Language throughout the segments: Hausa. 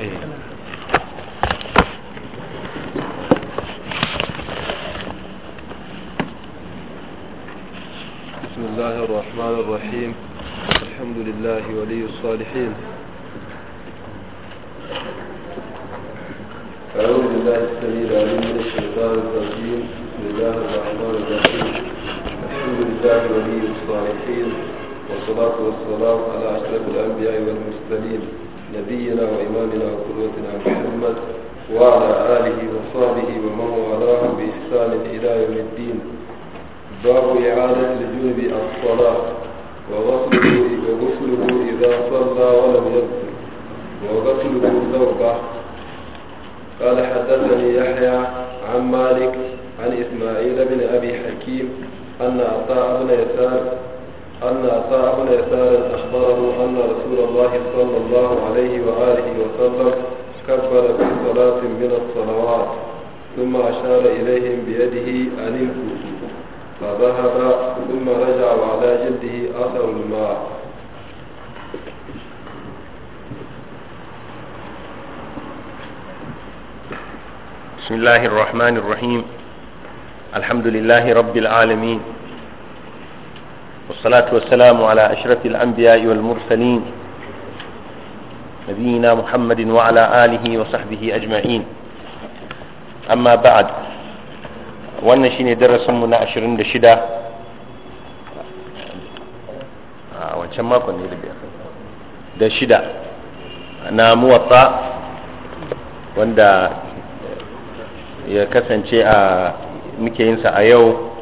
إيه. بسم الله الرحمن الرحيم الحمد لله ولي الصالحين أعوذ بالله السميع العليم من الشيطان الرجيم بسم الله الرحمن الرحيم الحمد لله ولي الصالحين والصلاة والسلام على أشرف الأنبياء والمرسلين نبينا وإمامنا وقدوتنا محمد وعلى آله وصحبه ومن والاه بإحسان إلى يوم الدين باب إعادة لجنب الصلاة وغسله وغسله إذا صلى ولم يغسل وغسله توبة قال حدثني يحيى عن مالك عن إسماعيل بن أبي حكيم أن عطاء ابن يسار أن عطاء بن يسار أخبره أن رسول الله صلى الله عليه وآله وسلم كبر في صلاة من الصلوات ثم أشار إليهم بيده أن فذهب ثم رجع على جلده أثر الماء بسم الله الرحمن الرحيم الحمد لله رب العالمين والصلاة والسلام على أشرف الأنبياء والمرسلين نبينا محمد وعلى آله وصحبه أجمعين أما بعد wannan shine darasinmu na 26 a wancan makon ne da biyar da shida na muwatsa wanda ya kasance a muke yinsa a yau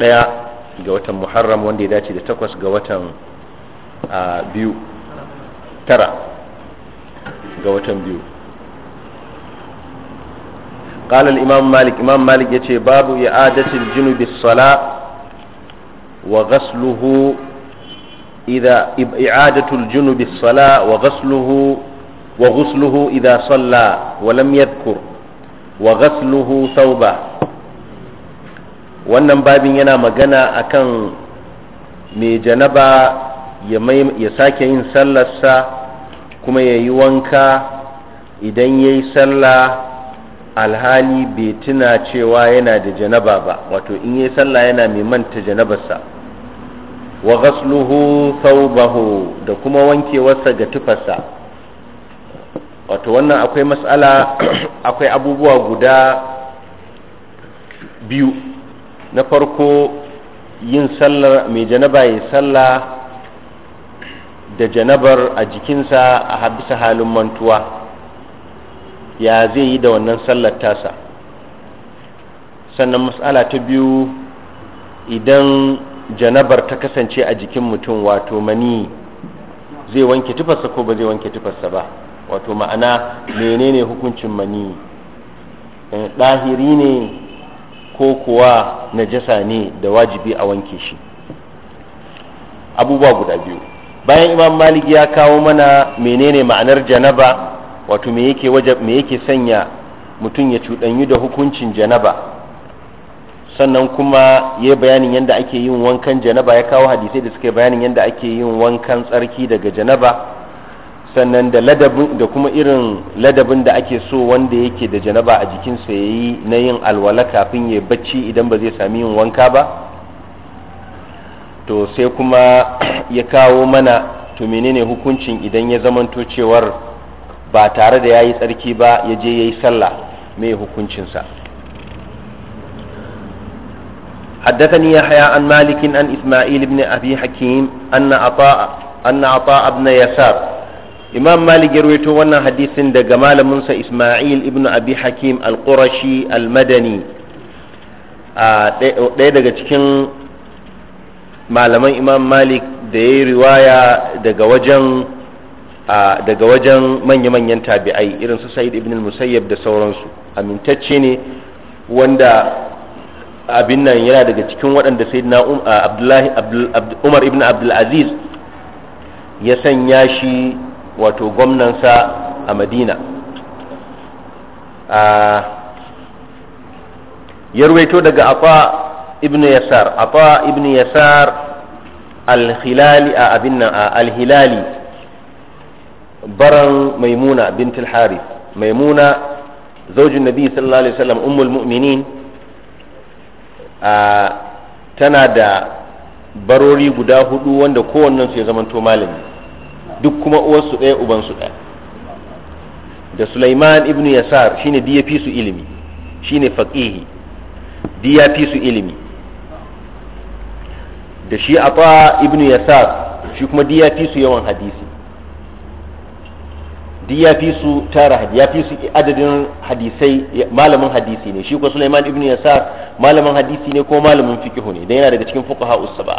ɗaya ga watan muharram wanda ya dace da takwas ga watan biyu tara ga watan biyu ƙalar imam malik imam malik ya ce babu ya adatin junubi sala wa gasluhu idha i'adatul junubi sala wa gasluhu wa salla wa lam yadhkur wa wannan babin yana magana akan mai janaba ya sake yin sallarsa kuma ya yi wanka idan ya yi sallah alhali bai tuna cewa yana da janaba ba wato in ya yi sallah yana mai manta janabarsa wa ghasluhu thawbahu da kuma wankewarsa ga tufarsa wato wannan akwai matsala akwai abubuwa guda biyu na farko yin sallar mai janaba ya salla da janabar a jikinsa a habisa halin mantuwa ya zai yi da wannan sallar tasa sannan matsala ta biyu idan janabar ta kasance a jikin mutum wato mani zai wanke tufarsa ko ba zai wanke tufarsa ba wato ma'ana menene hukuncin mani eh, ɗahiri ne ko kuwa najasa ne da wajibi a wanke shi abubuwa guda biyu bayan imam malik ya kawo mana menene ma'anar janaba wato me yake me yake sanya mutum ya cuɗanyu da hukuncin janaba sannan kuma ya bayanin yadda ake yin wankan janaba ya kawo hadisai da suke bayanin yadda ake yin wankan tsarki daga janaba sannan da ladabin da kuma irin ladabin da ake so wanda yake da janaba a jikinsa ya yi na yin alwala kafin ya bacci idan ba zai sami yin wanka ba to sai kuma ya kawo mana to menene hukuncin idan ya zamanto cewar ba tare da ya yi tsarki ba ya je ya yi sallah mai hukuncinsa حدثني يحيى عن مالك عن إسماعيل بن أبي حكيم أن عطاء أن عطاء بن يسار imam malik ya rawaito wannan hadisin daga malaminsa isma'il ibn abi hakim al-qurashi al-madani ɗaya daga cikin malaman imam malik da ya yi riwaya daga wajen daga wajen manya-manyan tabi'ai irin su sa'id ibn musayyab da sauransu amintacce ne wanda abin nan yana daga cikin waɗanda sayyidina um, umar ibn abdulaziz ya sanya shi wato gwamnansa a madina ya ruwaito daga afa ibn yasar afa ibn yasar al-hilali a abin nan al-hilali baran maimuna bintul harith maimuna zaujin nabi sallallahu alaihi wasallam ummul mu'minin tana da barori guda hudu wanda kowannen su ya zamanto malami duk kuma uwarsu ɗaya ubansu ɗaya da Sulaiman ibn Yasar shine diya fi su ilimi shine faqihi diya fi su ilimi da shi Ata ibn Yasar shi kuma diya fi su yawan hadisi diya fi su tara ya fi su adadin hadisai malamin hadisi ne shi kuma Sulaiman ibn Yasar malamin hadisi ne ko malamin fiqh ne dan yana daga cikin fuqaha saba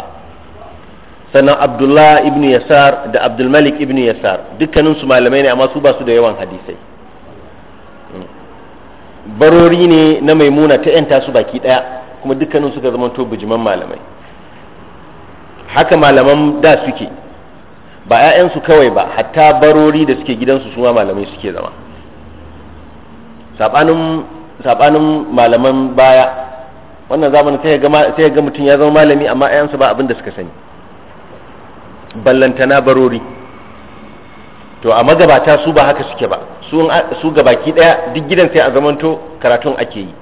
sannan abdullah ibn yasar da abdulmalik ibn yasar dukkanin su malamai ne amma su ba su da yawan hadisai barori ne na maimuna ta yanta su baki daya kuma dukkanin suka zama to bijiman malamai haka malaman da suke ba 'ya'yansu kawai ba hatta barori da suke gidansu su ma malamai suke zama sabanin malaman baya wannan zamanin sai ga mutum ya zama malami amma 'ya'yansu ba abin da suka sani ballantana barori to a magabata su ba haka suke ba su gabaki daya duk gidan sai a zamanto karatun ake yi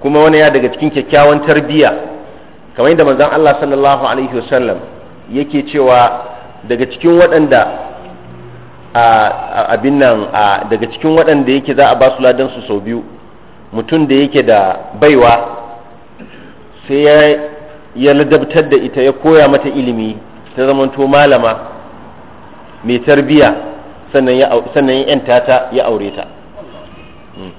kuma wani ya daga cikin kyakkyawan tarbiyya kamar yadda manzon Allah sallallahu alaihi wasallam yake cewa daga cikin waɗanda abin nan daga cikin waɗanda yake za a ba su ladan su sau biyu mutum da yake da baiwa sai ya ladabtar da ita ya koya mata ilimi ta zamanto malama mai tarbiya sannan ya yan tata ya aure ta hmm.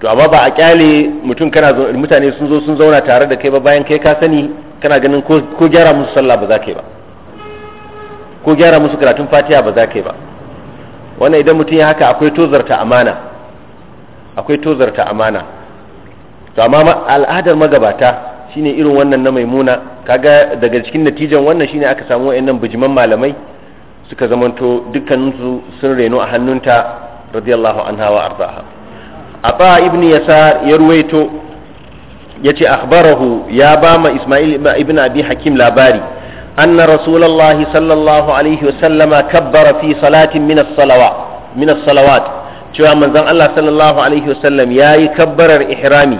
to amma ba a kyale mutum kana mutane sun zo sun zauna tare da kai ba bayan kai ka sani kana ganin ko gyara musu sallah ba za ka yi ba ko gyara musu karatun fatiha ba za ka yi ba wannan idan mutum ya haka akwai tozarta amana akwai tozarta amana to amma al'adar magabata shine irin wannan na maimuna kaga daga cikin natijan wannan shine aka samu wayannan bijiman malamai suka zamanto dukkaninsu sun reno a hannunta radiyallahu anha wa ardaha aba ibn yasar ya ruwaito yace akhbarahu ya ba ma isma'il ibn abi hakim labari anna rasulullahi sallallahu alaihi wa sallama kabbara fi salatin min as-salawat min as-salawat cewa manzon Allah sallallahu alaihi wa sallam yayi kabbarar ihrami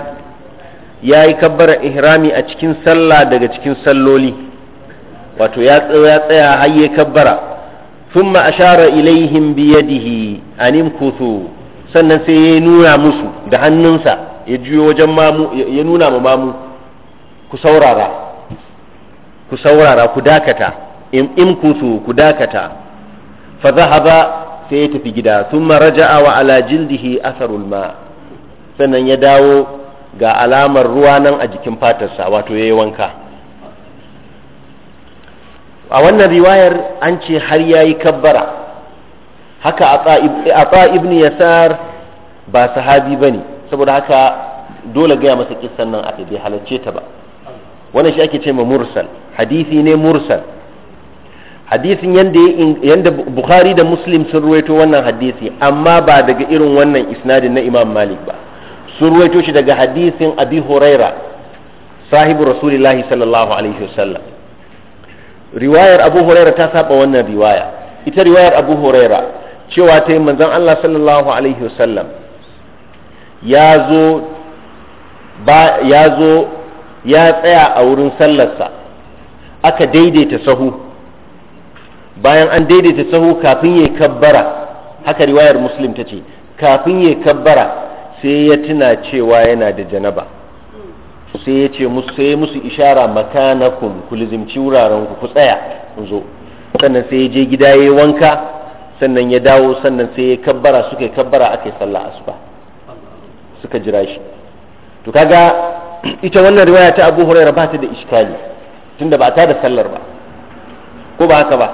ya yi kabbara ihrami a cikin sallah daga cikin salloli wato ya tsaya har ya kabbara ashara ilaihim bi yadihi anim kutu sannan sai ya nuna musu da hannunsa ya juyo wajen mamu ya nuna ma mamu ku saurara ku saurara ku dakata in kutu ku dakata fa zahaba sai ya tafi gida thumma raja'a wa ala jildihi atharul ma sannan ya dawo ga alamar ruwa nan a jikin fatarsa wato ya yi wanka a wannan riwayar an ce har ya yi kabbara haka a ya sa'ar ba sahabi ba ne saboda haka dole gaya masa kisan nan a bai halarce ta ba wannan shi ake ce ma mursal hadisi ne mursal hadisin yadda bukhari da muslim sun ruwaito wannan hadisi amma ba daga irin wannan isnadin na imam malik ba sun ruwaito shi daga hadisin abi huraira sahibu rasulillahi sallallahu alaihi wasallam riwayar abu huraira ta saba wannan riwaya ita riwayar abu huraira cewa ta yi manzan allah sallallahu alaihi wasallam ya zo ya tsaya a wurin sallarsa aka daidaita sahu bayan an daidaita sahu kafin ya kabbara haka riwayar muslim ta ce kafin ya kabbara sai ya tuna cewa yana da janaba sai ya ce musu sai musu ishara makanakum ku lizimci wuraren ku tsaya in zo sannan sai ya je gida yi wanka sannan ya dawo sannan sai ya kabbara suka yi kabbara aka yi sallah asuba suka jira shi to kaga ita wannan riwaya ta Abu Hurairah ba ta da iskali tunda ba ta da sallar ba ko ba haka ba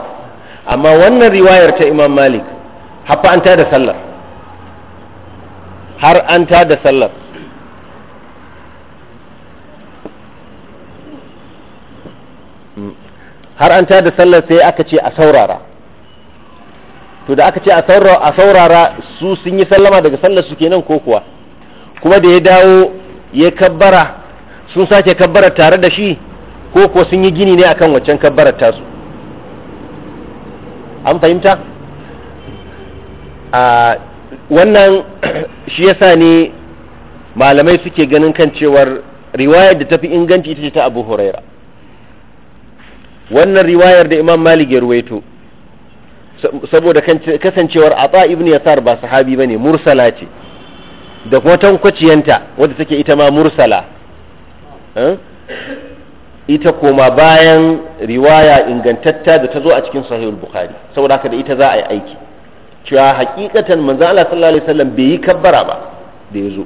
amma wannan riwayar ta Imam Malik haffa an ta da sallar har an ta da sallar har an ta da sallar sai aka ce a saurara to da aka ce a saurara su sun yi sallama daga sallar su kenan ko kuwa kuma da ya dawo ya kabbara sun sake kabbara tare da shi ko ko sun yi gini ne akan waccan ta tasu an fahimta a wannan shi yasa ne malamai suke ganin kan cewar riwayar da tafi inganci ita ce ta abu huraira wannan riwayar da imam malik ya ruwaito saboda kasancewar ata ibn yasar ba sahabi ne mursala ce da kuma tankwaciyanta wadda take ita ma mursala ita koma bayan riwaya ingantatta da ta zo a cikin sahihul bukhari saboda haka da ita za a yi aiki cewa hakikatan manzan Allah sallallahu alaihi wasallam bai yi kabbara ba da ya zo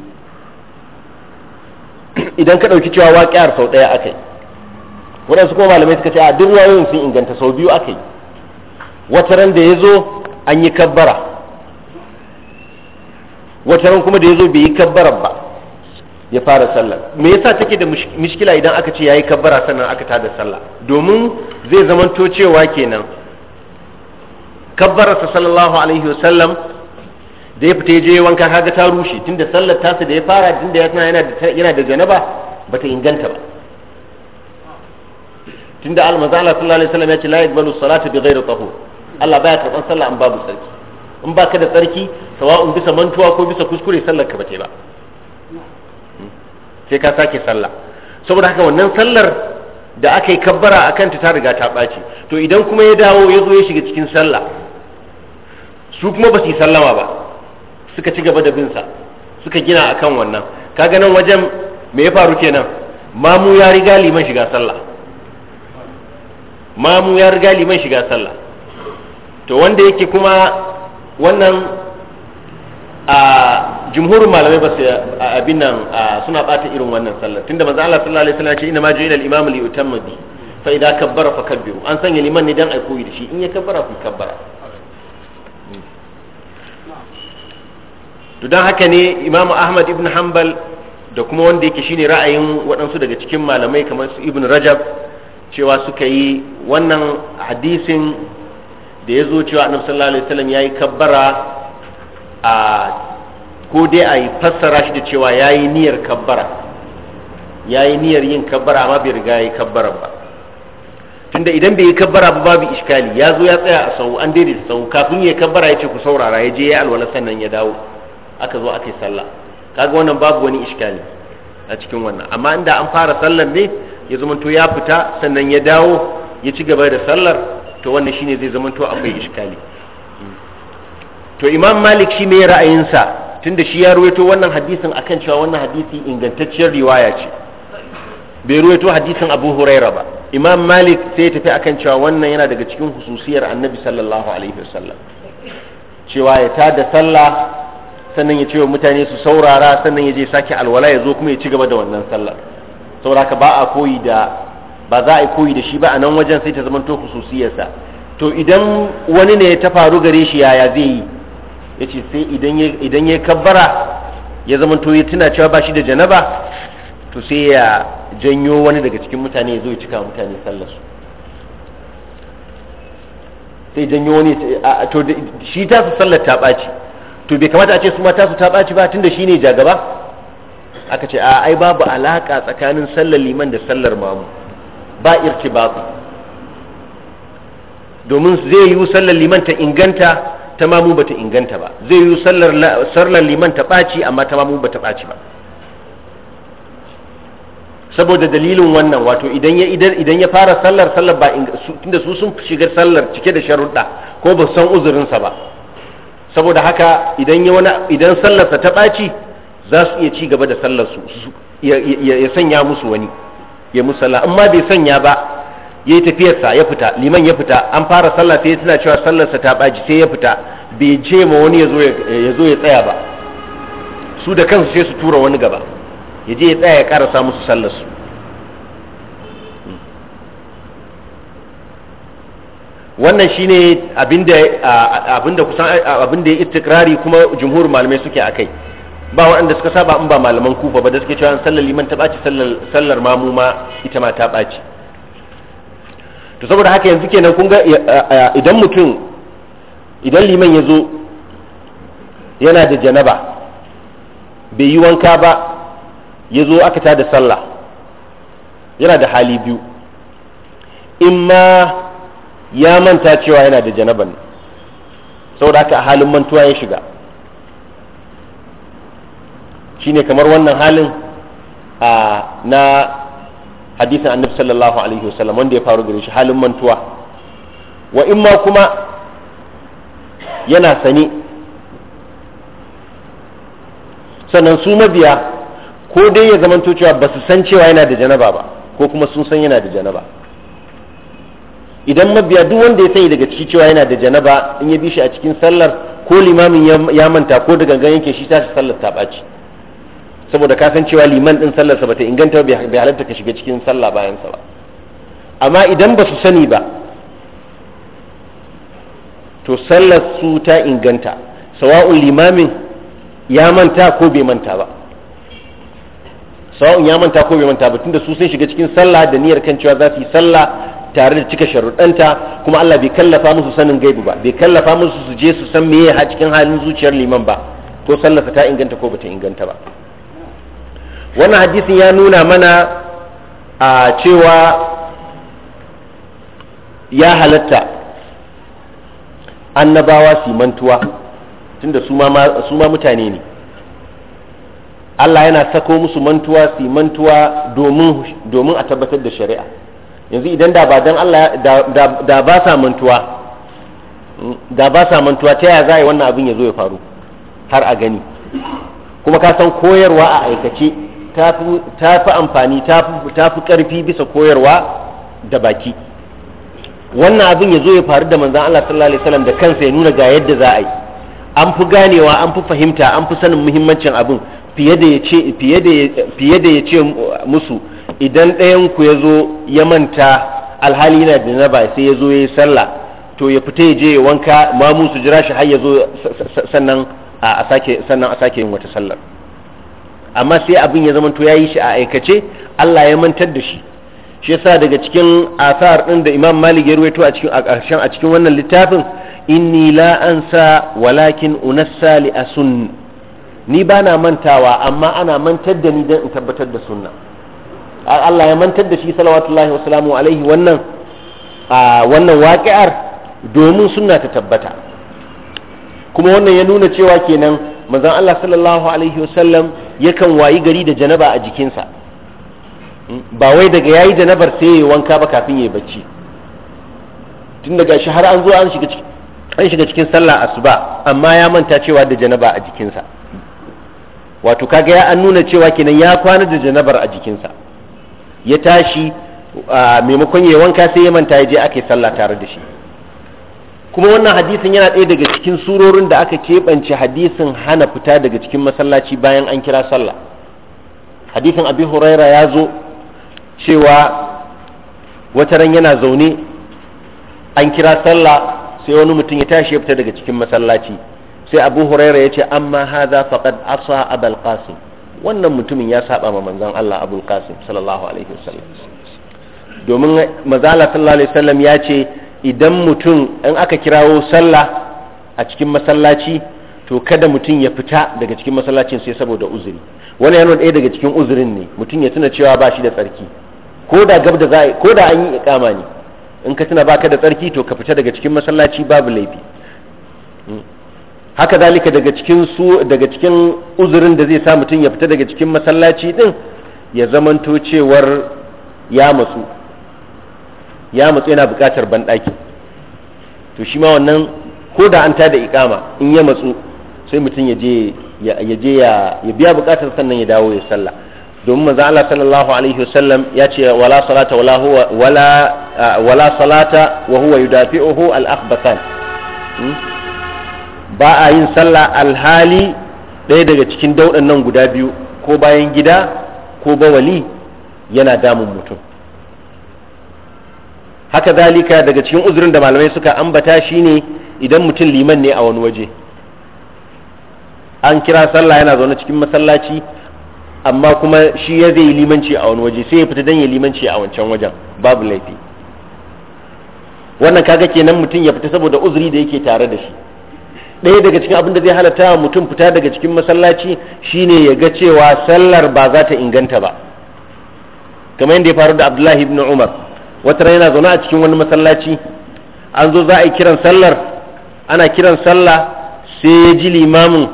idan ka ɗauki cewa waƙiyar sau ɗaya aka yi waɗansu kuma malamai suka ce a duk wayoyin sun inganta sau biyu aka yi wata ran da ya zo an yi kabbara wata ran kuma da ya zo bai yi kabbara ba ya fara sallah me yasa take da mishkila idan aka ce yayi kabbara sannan aka tada sallah domin zai zamanto cewa kenan kabbararsa sallallahu alaihi wa sallam da ya fita je wanka kaga ta rushe tunda sallar tasa da ya fara tunda yana yana da janaba bata inganta ba tunda almazala sallallahu alaihi wasallam ya ce la yaqbalu salatu bi ghairi tahur Allah baya karban sallah an babu sarki in baka da sarki sawa'un bisa mantuwa ko bisa kuskure sallar ka bace ba hmm? sai ka sake sallah saboda haka wannan sallar da aka yi kabbara akan ta ta riga ta ɓaci to idan kuma ya dawo ya zo ya shiga cikin sallah su kuma ba su yi sallama ba suka ci gaba da bin sa suka gina akan wannan kaga nan wajen me ya faru kenan mamu ya riga liman shiga sallah mamu ya riga liman shiga sallah to wanda yake kuma wannan a jumhur malamai ba su abin nan suna bata irin wannan sallah tunda manzo Allah sallallahu alaihi wasallam ya ce inna ma ju'ila al-imam li yutamma bi fa idza kabbara kabbiru an sanya liman ne dan ai koyi da shi in ya kabbara ku kabbara to don haka ne imamu ahmad ibn hanbal da kuma wanda yake shine ra'ayin waɗansu daga cikin malamai kamar su ibn rajab cewa suka yi wannan hadisin da ya zo cewa annabi sallallahu alaihi wasallam yayi kabbara a ko dai a yi fassara shi da cewa yayi niyyar kabbara yayi niyyar yin kabbara amma bai riga yayi kabbara ba tunda idan bai yi kabbara ba babu iskali ya zo ya tsaya a sau an daidaita sau kafin ya kabbara ya ce ku saurara ya je ya alwala sannan ya dawo aka zo aka yi sallah kaga wannan babu wani iskali a cikin wannan amma inda an fara sallar ne ya zamanto ya fita sannan ya dawo ya ci gaba da sallar to wannan shine zai zamanto akwai iskali to imam malik shi me ra'ayinsa tunda shi ya ruwaito wannan hadisin akan cewa wannan hadisi ingantacciyar riwaya ce bai ruwaito hadisin abu huraira ba imam malik sai ya tafi akan cewa wannan yana daga cikin hususiyar annabi sallallahu alaihi wasallam cewa ya tada sallah sannan ya ce wa mutane su saurara sannan ya je sake alwala ya zo kuma ya ci gaba da wannan sallar sauraka ba a koyi da ba za a koyi da shi ba a nan wajen sai ta zama to khususiyarsa to idan wani ne ta faru gare shi yaya zai yi ya ce sai idan ya kabbara ya zama to ya tuna cewa ba shi da janaba to sai ya janyo wani daga cikin mutane ya zo ya cika mutane sallar su sai janyo wani to shi ta su sallar ta ɓaci to bai kamata a ce su mata su ta ɓaci ba tunda shine jagaba aka ce a ai babu alaƙa tsakanin sallar liman da sallar mamu ba irtibati domin zai yiwu sallar liman ta inganta ta mamu ba ta inganta ba zai yiwu sallar liman ta ɓaci amma ta mamu ba ta ɓaci ba saboda dalilin wannan wato idan ya idan ya fara sallar sallar ba tunda su sun shiga sallar cike da sharuɗa ko ba san uzurinsa ba saboda haka idan ya wani idan sallarsa ta ɓaci za su iya ci gaba da sallarsu ya sanya musu wani ya musu sallah amma bai sanya ba ya yi tafiyarsa ya fita liman ya fita an fara sallah sai tana cewa sallarsa ta ɓaci sai ya fita bai je ma wani ya zo ya tsaya ba su da kansu sai su tura wani gaba ya je ya tsaya ya ƙarasa musu sallarsu wannan shine abinda abinda kusan abinda ya istikrari kuma jumhur malamai suke akai ba waɗanda suka saba in ba malaman kufa ba da suke cewa sallar liman ta ɓaci sallar mamu ma ita ma ta ɓaci to saboda haka yanzu kenan kun ga idan mutum idan liman ya zo yana da janaba bai yi wanka ba ya zo aka ta da sallah yana da hali biyu in ma ya manta cewa yana da janaban ne saboda haka a halin mantuwa ya shiga shine kamar wannan halin na hadisin annabi sallallahu alaihi wasallam wanda ya faru gare shi halin mantuwa wa imma kuma yana sani sannan su mabiya ko dai ya zamanto cewa ba su san cewa yana da janaba ba ko kuma sun san yana da janaba idan mabiya duk wanda ya sani daga ciki cewa yana da janaba in ya bi shi a cikin sallar ko limamin ya manta ko da gangan yake shi tashi sallar ta ɓaci saboda ka san cewa liman din sallar sa bata inganta bai halatta ka shiga cikin sallah bayan sa ba amma idan ba su sani ba to sallar su ta inganta sawa'un limamin ya manta ko bai manta ba sawa'un ya manta ko bai manta ba tunda su sun shiga cikin sallah da niyyar kan cewa za su yi sallah tare da cika sharuɗanta kuma Allah bai kallafa musu sanin gaibu ba bai kallafa musu su je su san me a cikin halin zuciyar liman ba ko sallarsa ta inganta ko bata inganta ba wannan hadisin ya nuna mana a cewa ya halatta annabawa su mantuwa tunda su ma mutane ne Allah yana sako musu mantuwa su mantuwa domin a tabbatar da shari'a yanzu idan da ba dan Allah da ba sa mantuwa da ba sa mantuwa ta yaya za a yi wannan abin ya zo ya faru har a gani kuma ka san koyarwa a aikace ta fi amfani ta fi ƙarfi bisa koyarwa da baki wannan abin ya zo ya faru da manzan Allah sallallahu alaihi wasallam da kansa ya nuna ga yadda za a yi an fi ganewa an fi fahimta an fi sanin muhimmancin abin fiye da ya ce musu idan ɗayan ku ya zo ya manta alhali yana da na ba sai ya zo ya yi sallah to ya fita ya je ya wanka mamu su jira shi har ya zo sannan a sake sannan a sake yin wata sallar amma sai abin ya zamanto ya yi shi a aikace Allah ya mantar da shi shi yasa daga cikin asar din da Imam Malik ya ruwaito a cikin a ƙarshen a cikin wannan littafin inni la ansa walakin unassa li asun ni bana mantawa amma ana mantar da ni dan in tabbatar da sunna Allah ya mantar da shi salawatullahi salamu alaihi wannan wannan waƙi'ar domin sunna ta tabbata kuma wannan ya nuna cewa kenan manzon Allah sallallahu alaihi wasallam yakan wayi gari da janaba a jikinsa ba wai daga yayi janabar sai ya wanka ba kafin ya bacci tun daga shi har an zo an shiga cikin an shiga cikin sallah asuba amma ya manta cewa da janaba a jikinsa wato kaga ya an nuna cewa kenan ya kwana da janabar a jikinsa ya tashi maimakon ya wanka sai ya manta ya je aka yi sallah tare da shi kuma wannan hadisin yana ɗaya daga cikin surorin da aka keɓance hadisin hana fita daga cikin masallaci bayan an kira sallah hadisin abi huraira ya zo cewa wata ran yana zaune an kira sallah sai wani mutum ya tashi ya fita daga cikin masallaci sai abu huraira ya ce amma haza faqad asa abal qasim wannan mutumin ya saba ma manzon Allah Abul Qasim sallallahu alaihi wasallam domin mazala sallallahu alaihi wasallam ya ce idan mutum in aka kirawo sallah a cikin masallaci to kada mutum ya fita daga cikin masallacin sai saboda uzuri wani yana ɗaya daga cikin uzurin ne mutum ya tuna cewa ba shi da tsarki ko da gab da za ko da an yi ikama ne in ka tuna baka da tsarki to ka fita daga cikin masallaci babu laifi hmm. haka zalika daga cikin su daga cikin uzurin da zai sa mutum ya fita daga cikin masallaci din ya zamanto cewar ya matsu ya matsu yana buƙatar banɗaki to shi ma wannan ko da an tada ikama in ya matsu sai mutum ya je ya je ya biya buƙatar sannan ya dawo ya sallah domin manzo Allah sallallahu alaihi wasallam ya ce wala salata wala huwa wala wala salata wa huwa yudafi'uhu al-akhbathan hmm? ba a yin sallah alhali ɗaya daga cikin dauɗan nan guda biyu ko bayan gida ko bawali yana damun mutum haka zalika daga cikin uzurin da malamai suka ambata shi ne idan mutum liman ne a wani waje an kira sallah yana zaune cikin masallaci amma kuma shi ya zai yi limanci a wani waje sai ya fita don ya limanci a wancan wajen babu laifi wannan kaga kenan mutum ya fita saboda uzuri da yake tare da shi ɗaya daga cikin abin da zai halatta wa mutum fita daga cikin masallaci shine ya ga cewa sallar ba za ta inganta ba kamar yadda ya faru da abdullahi ibn umar wata rana yana zaune a cikin wani masallaci an zo za a yi kiran sallar ana kiran sallah sai ya ji limamin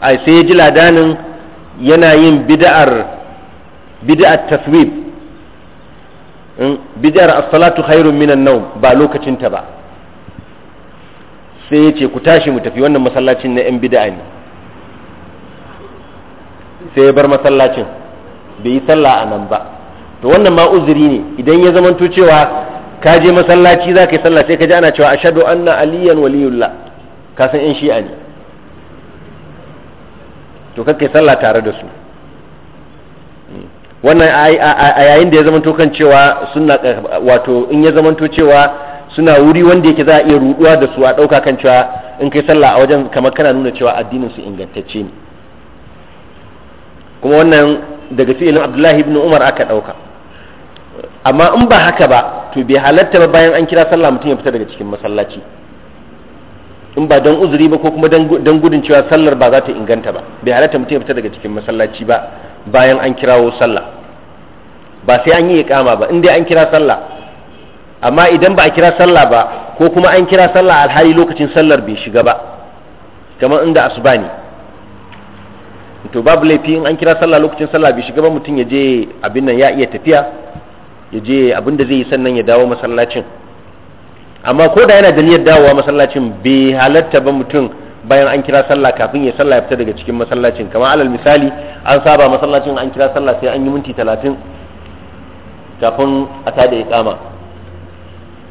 ai sai ya ji ladanin yana yin bid'ar bid'ar taswib hmm, bid'ar as-salatu khairun minan nawm ba lokacin ta ba sai ya ce ku tashi mu tafi wannan masallacin na 'yan bida'a ne sai ya bar masallacin bai yi sallah a nan ba to wannan ma uzuri ne idan ya zamanto cewa ka je masallaci za ka yi sallah sai ka ji ana cewa a an na aliyan waliyullah ka san 'yan shi'a ne to kakai sallah tare da su wannan a yayin da ya zamanto kan cewa sunna wato in ya zamanto cewa suna wuri wanda yake za a iya ruduwa da su a ɗauka kan cewa in kai sallah a wajen kamar kana nuna cewa addinin su ingantacce ne kuma wannan daga fi'ilin abdullahi ibn umar aka ɗauka amma in ba haka ba to bai halatta ba bayan an kira sallah mutum ya fita daga cikin masallaci in ba don uzuri ba ko kuma don gudun cewa sallar ba za ta inganta ba bai halatta mutum ya fita daga cikin masallaci ba bayan an kirawo sallah ba sai an yi ikama ba in dai an kira sallah amma idan ba a kira sallah ba ko kuma an kira sallah alhali lokacin sallar bai shiga ba kamar inda asuba ne to babu laifi in an kira sallah lokacin sallah bai shiga ba mutum ya je abin nan ya iya tafiya ya je abin da zai yi sannan ya dawo masallacin amma ko da yana da niyyar dawowa masallacin bai halatta ba mutum bayan an kira sallah kafin ya sallah ya fita daga cikin masallacin kamar alal misali an saba masallacin an kira sallah sai an yi minti talatin kafin a tada kama.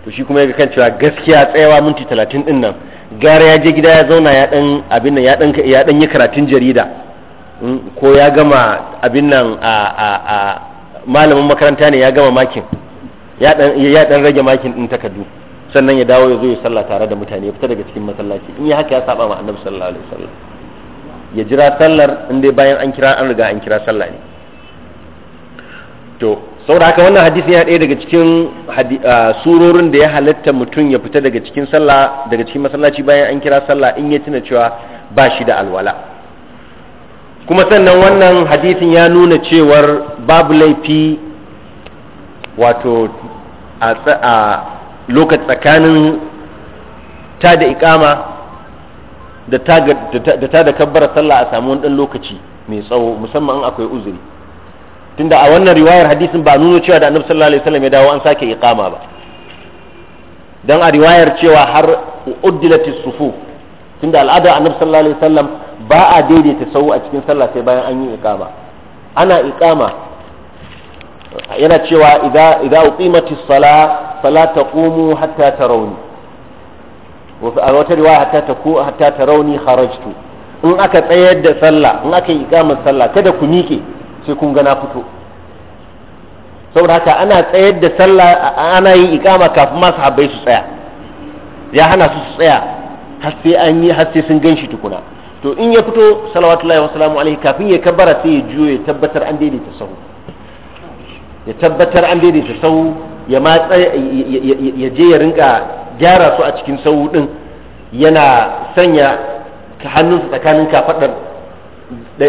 to shi kuma yaga kan cewa gaskiya tsayawa minti talatin din nan gara ya je gida ya zauna ya dan abin nan ya dan ya dan yi karatun jarida mm, ko ya gama abin nan a a a malamin makaranta ne ya gama makin ya dan ya dan rage makin din takardu sannan ya dawo ya zo ya sallah tare da mutane ya fita daga cikin masallaci in ya haka ya saba ma annabi sallallahu alaihi wasallam ya jira sallar in dai bayan an kira an riga an kira sallah ne to saboda haka wannan hadisi ya ɗaya daga cikin ah, surorin da ya halatta mutum ya fita daga cikin sallah daga cikin masallaci bayan an kira sallah in ya tuna cewa ba shi da alwala kuma sannan wannan hadisin ya nuna cewar babu laifi wato a lokacin tsakanin ta da ikama da ta da kabbara sallah a samu wani ɗan lokaci mai tsawo musamman akwai uzuri tunda a wannan riwayar hadisin ba nuno cewa da annabi sallallahu alaihi wasallam ya dawo an sake iqama ba dan a riwayar cewa har uddilati sufu tunda al'ada annabi sallallahu alaihi wasallam ba a daidaita sau a cikin sallah sai bayan an yi iqama ana iqama yana cewa idza idza uqimatis sala fala taqumu hatta tarawni wa a wata riwaya hatta taku hatta tarawni kharajtu in aka tsayar da sallah in aka yi iqamar sallah kada ku miƙe sai kun ga na fito saboda haka ana tsayar da sallah ana yin ikama kafin masu habai su tsaya ya hana su su tsaya har sai an yi har sai sun gan shi tukuna to in ya fito salawatullahi wa salamu alaihi kafin ya kabbara sai ya juyo ya tabbatar an daidaita sahu ya tabbatar an daidaita sahu ya matsa ya je ya rinka gyara su a cikin sahu din yana sanya hannunsa tsakanin kafadar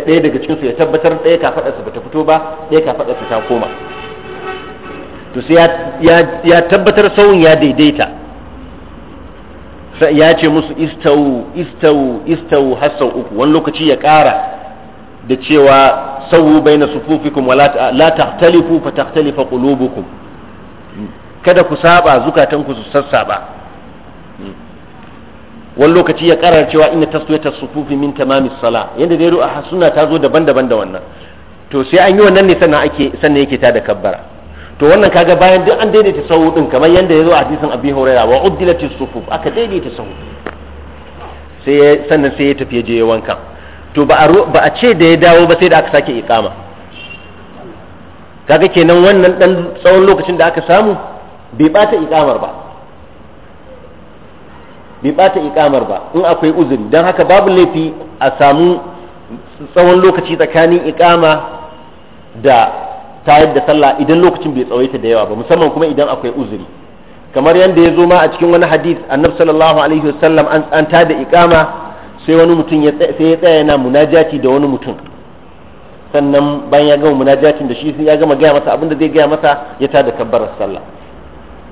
ɗaya daga cikinsu ya tabbatar ɗaya su ba ta fito ba ɗaya su ta koma to sai ya tabbatar sauyin ya daidaita ya ce musu istau istau istau hasau uku wani lokaci ya ƙara da cewa sawu bai na sufufikum wa la tahtalifu fa tahtalifa qulubukum kada ku saba zukatanku su sassaba wani lokaci ya karar cewa inna taswiyata sufufi min tamamis sala yadda dai ru'a suna ta zo daban-daban da wannan to sai an yi wannan ne sannan ake sannan yake ta da kabbara to wannan kaga bayan duk an daidaita sahu din kamar ya yazo a hadisin Abi Huraira wa uddilatis sufuf aka daidaita sahu sai sannan sai ya tafi je wanka to ba a ce da ya dawo ba sai da aka sake iqama kaga kenan wannan dan tsawon lokacin da aka samu bai bata iqamar ba bai bata ikamar ba in akwai uzuri don haka babu laifi a samu tsawon lokaci tsakanin ikama da tayar da sallah idan lokacin bai tsawaita da yawa ba musamman kuma idan akwai uzuri kamar yadda ya zo ma a cikin wani hadith annabi sallallahu alaihi wasallam an an tada ikama sai wani mutum ya sai ya tsaya yana munajati da wani mutum sannan bayan ya gama munajatin da shi ya gama gaya masa abin da zai gaya masa ya ta da kabbarar sallah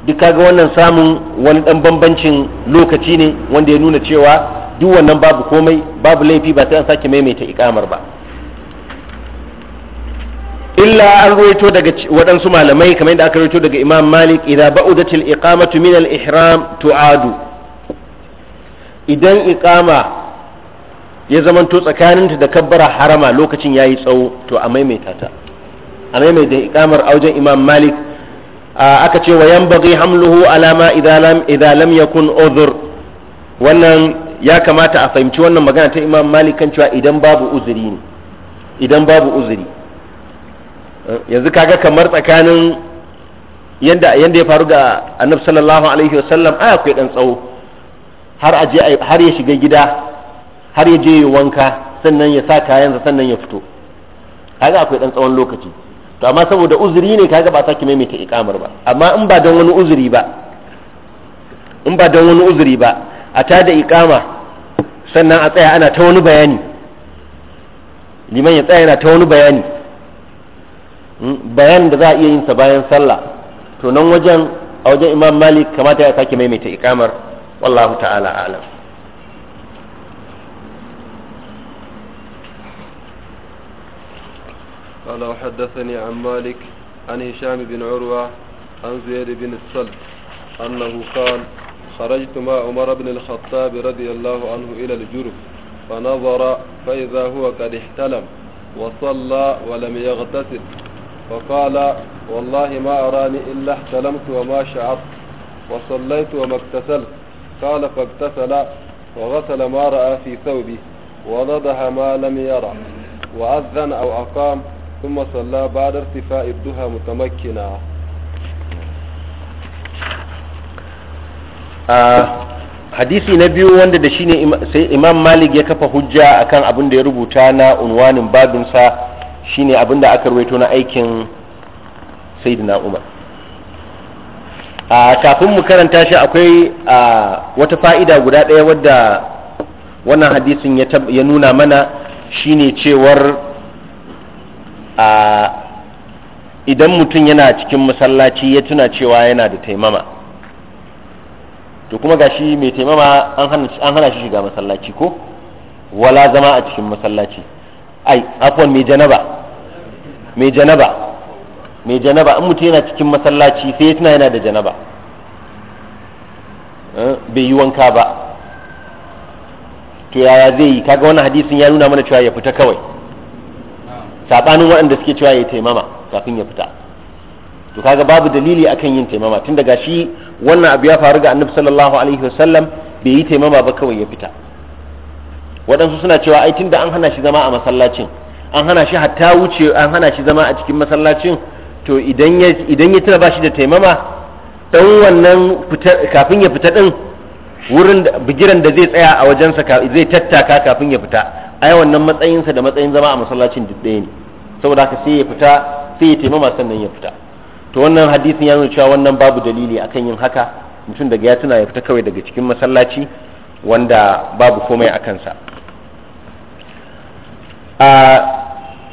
duk kaga wannan samun wani dan bambancin lokaci ne wanda ya nuna cewa duk wannan babu komai babu laifi ba sai an sake maimaita ikamar ba illa an ruwaito daga waɗansu malamai kamar yadda aka ruwaito daga imam malik idan ba'udatil iqamatu min al ihram tu'adu idan iqama ya zamanto tsakaninta da kabbara harama lokacin yayi tsawo to a maimaita ta a maimaita iqamar wajen imam malik aka ce wa 'yan bagi hamluhu alama idalam ya kun uzur. wannan ya kamata a fahimci wannan magana ta imam malik kan cewa idan babu uzuri ne idan babu uzuri yanzu kaga kamar tsakanin yanda yanda ya faru ga annabi sallallahu alaihi wasallam ai akwai dan tsawo har aje har ya shiga gida har ya je ya wanka sannan ya sa kayansa sannan ya fito kaga akwai dan tsawon lokaci to amma saboda uzuri ne kaga ba sake maimaita ikamar ba amma in ba don wani uzuri ba in ba don wani uzuri ba a ta da ikama sannan a tsaya ana ta wani bayani liman ya tsaya ana ta wani bayani hmm? bayan da za a iya yin sa bayan sallah to nan wajen a wajen imam malik kamata ya sake maimaita ikamar wallahu ta'ala alam قال وحدثني عن مالك عن هشام بن عروة عن زهير بن الصلب أنه قال خرجت مع عمر بن الخطاب رضي الله عنه إلى الجرف فنظر فإذا هو قد احتلم وصلى ولم يغتسل فقال والله ما أراني إلا احتلمت وما شعرت وصليت وما اغتسلت قال فاغتسل وغسل ما رأى في ثوبه ونضح ما لم يرى وأذن أو أقام ثم صلى بعد ارتفاع الدهى متمكنا hadisi na biyu wanda da shine sai imam malik ya kafa hujja akan abin da ya rubuta na unwanin babinsa shine abin da aka ruwaito na aikin sayyidina umar a kafin mu karanta shi akwai wata fa'ida guda ɗaya wadda wannan hadisin ya nuna mana shine cewar a idan mutum yana cikin masallaci ya tuna cewa yana da taimama to kuma gashi mai taimama an hana shi shiga masallaci ko wala zama a cikin masallaci ai afwan mai janaba mai janaba mai janaba in mutum yana cikin masallaci sai ya tuna yana da janaba eh, bai yi wanka ba to yaya zai yi kaga wannan hadisin ya nuna mana cewa ya fita kawai sabanin waɗanda suke cewa ya taimama kafin ya fita to kaga babu dalili akan yin taimama tun daga shi wannan abu ya faru ga annabi sallallahu alaihi wasallam bai yi taimama ba kawai ya fita waɗansu suna cewa ai tunda an hana shi zama a masallacin an hana shi hatta wuce an hana shi zama a cikin masallacin to idan ya idan ya tuna bashi da taimama dan wannan kafin ya fita din wurin bigiran da zai tsaya a wajensa zai tattaka kafin ya fita ai wannan matsayinsa da matsayin zama a masallacin duk ɗaya ne saboda haka sai ya fita sai ya taimama sannan ya fita to wannan hadisin ya nuna cewa wannan babu dalili akan yin haka mutum daga ya tuna ya fita kawai daga cikin masallaci wanda babu komai a kansa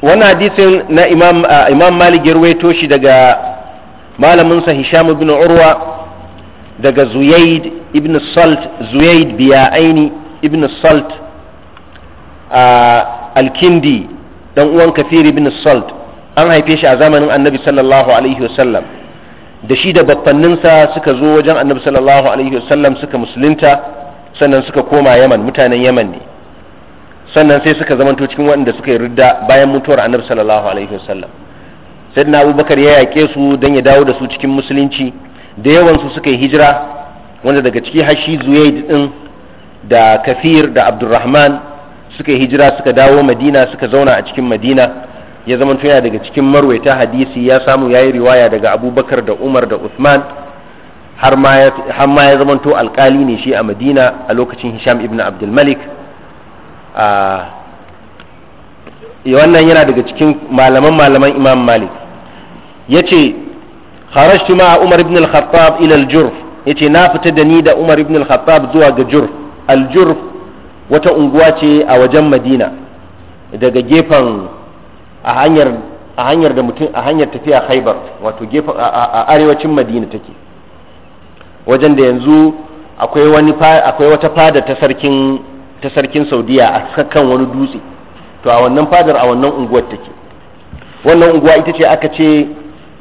wannan hadisin na imam imam malik ya ruwaito shi daga malaminsa hisham ibn urwa daga zuyaid ibn salt zuyaid biya aini ibn salt a alkindi dan uwan kafir ibn salt an haife shi a zamanin annabi sallallahu alaihi wasallam da shi da sa suka zo wajen annabi sallallahu alaihi wasallam suka musulunta sannan suka koma yaman mutanen yaman ne sannan sai suka zamanto cikin waɗanda suka yi ridda bayan mutuwar annabi sallallahu alaihi wasallam sayyidina abubakar ya yaƙe su don ya dawo da su cikin musulunci da yawansu suka yi hijira wanda daga ciki hashi zuwaid din da kafir da abdurrahman suka yi hijira suka dawo madina suka zauna a cikin madina ya zama yana daga cikin marwaita hadisi ya samu ya yi riwaya daga abubakar da umar da uthman har ma ya zama to alkali ne shi a madina a lokacin hisham ibn abdulmalik eh, wannan yana daga cikin malaman malaman imam malik ya ce kharashtu ma umar ibn al-khattab ila al-jurf ya ce na fita da ni da umar ibn al-khattab zuwa ga jurf al-jurf wata unguwa ce a wajen madina daga gefen a hanyar a hanyar da mutum a hanyar tafiya haibar wato gefen a arewacin madina take wajen da yanzu akwai wani akwai wata fada ta sarkin ta sarkin saudiya a kan wani dutse to a wannan fadar a wannan unguwar take wannan unguwa ita ce aka ce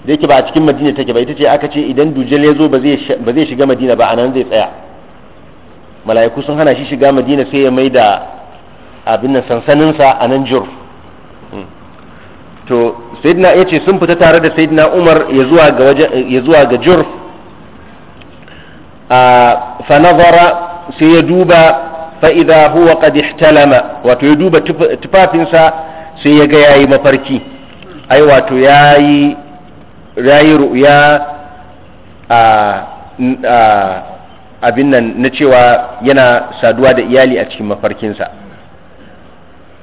da yake ba a cikin madina take ba ita ce aka ce idan dujal ya zo ba zai shiga madina ba a nan zai tsaya mala'iku sun hana shi shiga madina sai ya mai da abin nan sansaninsa a nan jur hmm. to sayyidina ya sun fita tare da sayyidina umar ya zuwa ga jur a fanazara sai ya duba fa'iza huwa qad ihtalama wato ya duba tufafinsa sai ya ga yayi mafarki ai wato yayi yi ru'ya a abin nan na cewa yana saduwa da iyali a cikin mafarkinsa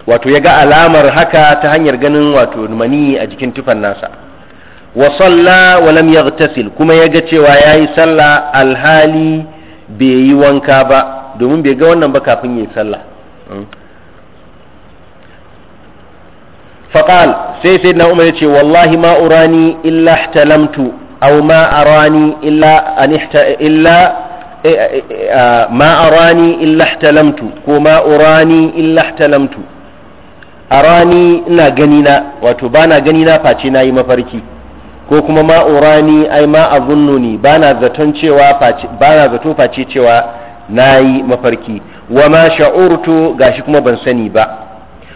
wato ya ga alamar haka ta hanyar ganin wato mani a jikin tufan nasa wa salla wa lam yaghtasil kuma ya ga cewa yayi sallah alhali bai yi wanka ba domin bai ga wannan ba kafin yi sallah hmm. faƙal sai sai na umar ya ce wallahi ma urani illa ihtalamtu aw ma arani illa an illa Eh, eh, eh, ah, ma arani illa ihtalamtu ko ma urani illa ihtalamtu arani ina gani na wato bana gani na face nayi mafarki ko kuma ma urani ai ma azunnuni bana zaton cewa face bana zato face cewa nayi mafarki wa ma sha'urtu gashi kuma ban sani ba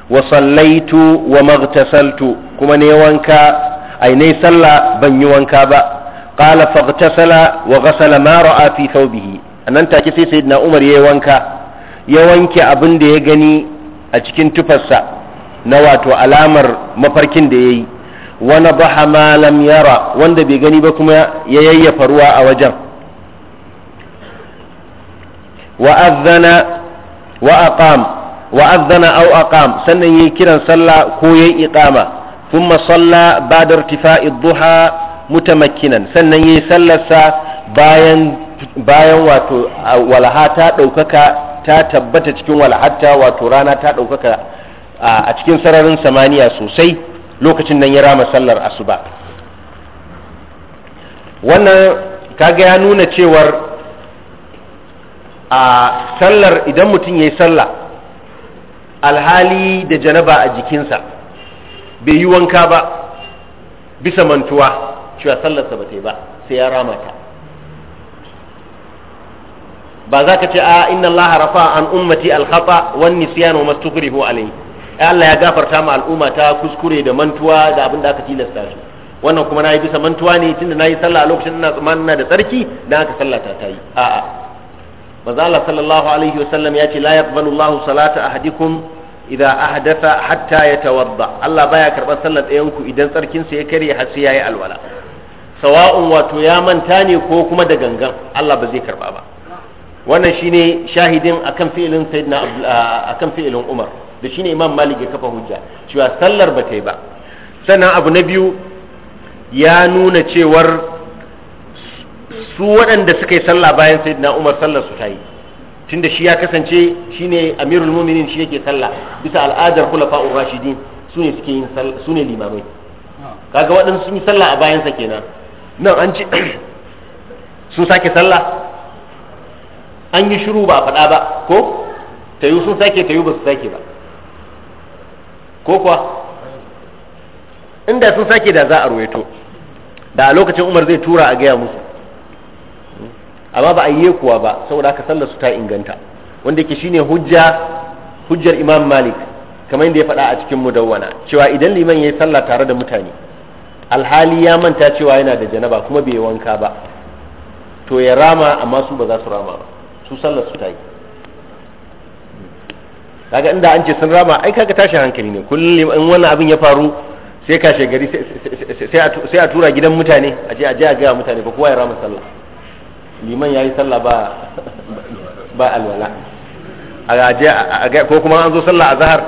wa sallaitu wa maghtasaltu kuma ne wanka ai ne sallah ban yi wanka ba qala sala wa ghasala ma ra'a fi thawbihi anan take sai sayyidina Umar ya wanka ya wanke abin da ya gani a cikin tufarsa na wato alamar mafarkin da yayi wa nadaha ma lam yara wanda bai gani ba kuma ya yayyafa ruwa a wajen wa'azzana au wa aqam wa aw aqam sannan yayi kiran sallah ko yayi iqama thumma salla ba'da irtifa'i dhuha mutamakinan sannan yayi sallarsa bayan bayan wato walaha ta ɗaukaka ta tabbata cikin walhatta wato rana ta ɗaukaka a cikin sararin samaniya sosai lokacin nan ya rama sallar asuba wannan kaga ya nuna cewar a sallar idan mutum ya yi sallah alhali da janaba a jikinsa bai yi wanka ba bisa mantuwa cewa sallarsa ba ta yi ba sai ya rama ta ba za ka ce a inna allaha rafa an ummati alkhata wan nisyan wa mastughrihu alayhi Allah ya gafarta ma al'umma ta kuskure da mantuwa da abin da aka tilasta su wannan kuma nayi bisa mantuwa ne tunda nayi sallah a lokacin ina tsammanin na da tsarki dan aka sallata ta yi a'a manzo Allah sallallahu alaihi sallam ya ce la yaqbalu Allahu salata ahadikum idza ahdatha hatta yatawadda Allah baya karban sallar ɗayan ku idan tsarkin sa ya kare har sai yayi alwala sawa'un wato ya manta ne ko kuma da gangan Allah ba zai karba ba wannan shine shahidin akan fi'ilin sayyidina akan fi'ilin Umar da shine Imam Malik ya kafa hujja cewa sallar ba ta yi ba sannan abu na biyu ya nuna cewar su waɗanda suka yi sallah bayan sayyidina Umar sallar su ta yi tunda shi ya kasance shine Amirul Mu'minin shi yake sallah bisa al'adar Khulafa'ur Rashidin sune suke yin limamai ah. kaga waɗanda sun yi sallah a bayansa kenan nan an ce sun sake sallah an yi shiru ba a faɗa ba ko tayu sun sake tayu ba su sake ba ko kuwa inda sun sake da za a ruwaito da a lokacin umar zai tura a gaya musu amma ba a yi kuwa ba saboda haka sallar su ta inganta wanda yake shine hujja hujjar imam malik kamar yadda ya faɗa a cikin mudawwana cewa idan liman ya yi sallah tare da mutane alhali ya manta cewa yana da janaba kuma bai wanka ba to ya rama amma su ba za su rama ba su sallar su ta yi kaga inda an ce sun rama ai kaga tashin hankali ne kullum in wannan abin ya faru sai ka gari sai a tura gidan mutane a je a je a ga mutane ba kowa ya rama sallah liman yayi sallah ba ba alwala a ga ko kuma an zo sallah azhar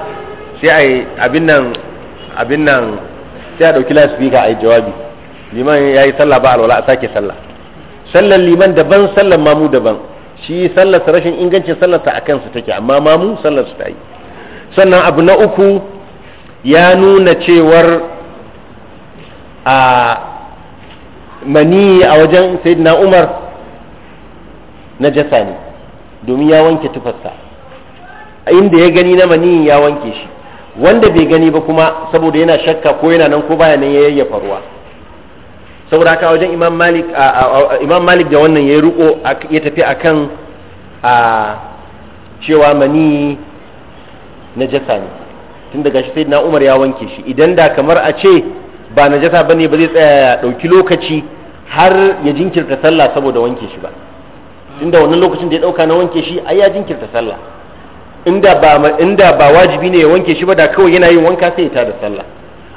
sai ai abin nan abin nan sai a ɗauki lasifika a yi jawabi liman ya yi sallah ba alwala a sake sallah sallar liman daban sallar mamu daban shi sallarsa rashin ingancin sallarsa a kansa take amma mamu sallarsa ta yi sannan abu na uku ya nuna cewar a mani a wajen sayyidina umar na jasa ne domin ya wanke tufarsa inda ya gani na mani ya wanke shi wanda bai gani ba kuma saboda yana shakka ko yana nan ko baya nan ya yayyafa ruwa saboda haka wajen imam malik imam malik da wannan ya ruko ya tafi akan a cewa mani na jasa ne tun daga shi sai na umar ya wanke shi idan da kamar a ce ba na jasa bane ba zai tsaya ya dauki lokaci har ya jinkirta sallah saboda wanke shi ba tunda wannan lokacin da ya dauka na wanke shi ai ya jinkirta sallah inda ba inda ba wajibi ne ya wanke shi ba da kawai yana yin wanka sai ya tada sallah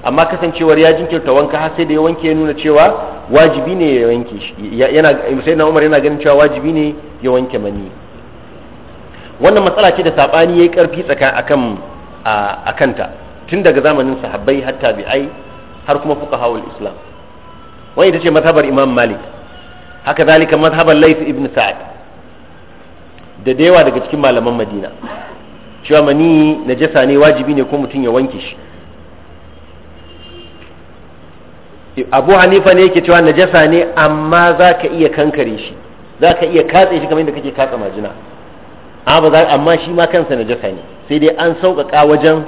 amma kasancewar ya jinkirta wanka har sai da ya wanke ya nuna cewa wajibi ne ya wanke shi yana sai na Umar yana ganin cewa wajibi ne ya wanke mani wannan matsala ce da sabani yayi karfi tsakan akan akan ta tun daga zamanin sahabbai har tabi'ai har kuma fuqahaul islam wani ita ce mazhabar imam malik haka zalika mazhabar laif ibn sa'ad da da daga cikin malaman madina cewa mani najasa ne wajibi ne ko mutum ya wanke shi abu hanifa ne yake cewa najasa ne amma za ka iya kankare shi za ka iya katse shi kamar yadda kake katsa majina amma shi ma kansa najasa ne sai dai an sauƙaƙa wajen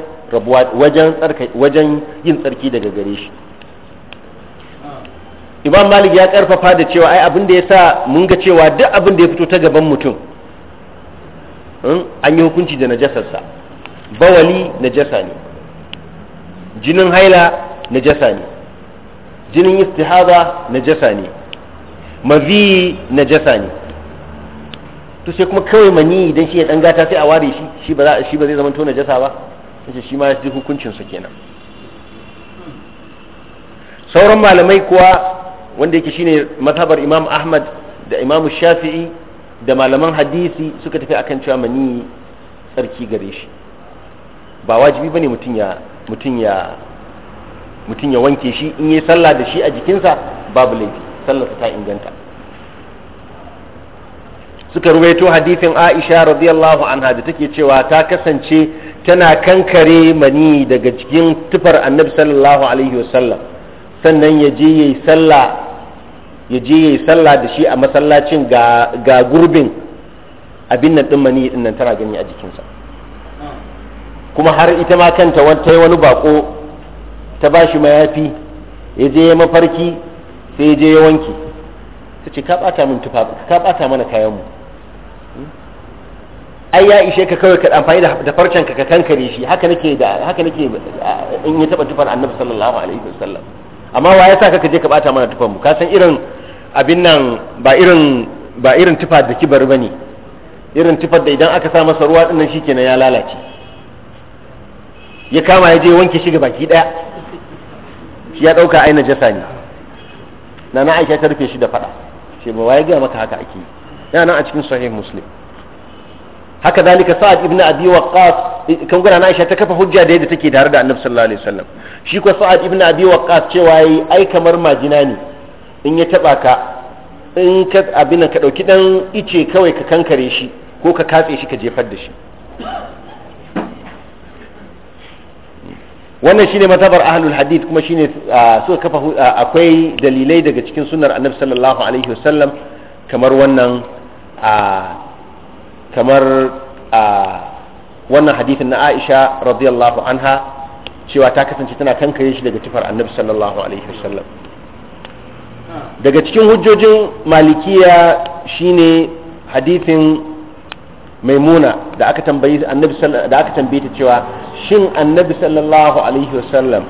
wajen yin tsarki daga gare shi imam malik ya karfafa da cewa ai abin da ya sa mun ga cewa duk abin da ya fito ta gaban mutum an yi hukunci da najasarsa bawali najasa ne jinin haila najasa ne jinin istihada najasa ne mazi najasa ne to sai kuma kawai mani idan shi ya dan gata sai a ware shi shi ba shi ba zai zama to najasa ba sai shi ma shi hukuncin sa kenan sauran malamai kuwa wanda yake shine mazhabar Imam Ahmad da Imam Shafi'i da malaman hadisi suka tafi akan cewa mani tsarki gare shi ba wajibi bane mutum ya mutum ya mutum ya wanke shi in yi sallah da shi a jikinsa babu laifi sallarsa ta inganta suka ruwaito hadithin Aisha radiyallahu anha da take cewa ta kasance tana kankare mani daga cikin tufar annabi sallallahu alaihi wasallam sannan ya je yayi sallah ya je ya yi sallah da shi a masallacin ga gurbin abin nan ɗin mani ɗin nan tana gani a jikinsa kuma har ita ma kanta wata yi wani bako ta ba shi mayafi ya je ya mafarki sai ya je ya wanki ta ce ka ɓata mana kayanmu ai ya ishe ka kawai ka amfani da farcen ka ka kankare shi haka nake da haka nake in ya taɓa tufar annabi sallallahu alaihi wasallam amma wa ya sa ka je ka bata mana tufan mu ka san irin abin nan ba irin ba irin tufa da kibar bane irin tufar da idan aka sa masa ruwa din nan shikenan ya lalace ya kama ya je wanke shi ga baki daya shi ya dauka aina jasa ne nana Aisha ta rufe shi da fada ce ba waye ga maka haka ake yana nan a cikin sahih muslim haka zalika sa'ad ibn abi waqqas eh, kan gura na Aisha ta kafa hujja da yadda take tare da Annabi sallallahu alaihi wasallam shi ko sa'ad ibn abi waqqas cewa yi ai kamar majina ne in ya taba ka in ka abin ka dauki dan ice kawai ka kankare shi ko ka katse shi ka jefar da shi wannan shine matabar ahlul hadith kuma shine suka kafa akwai dalilai daga cikin sunnar annabi sallallahu alaihi wasallam kamar wannan kamar wannan hadithin na Aisha radiyallahu anha cewa ta kasance tana kankare shi daga tufar annabi sallallahu alaihi wasallam daga cikin hujjojin malikiya shine hadithin maimuna da aka tambayi annabi da aka tambaye ta cewa shin annabi sallallahu alaihi wasallam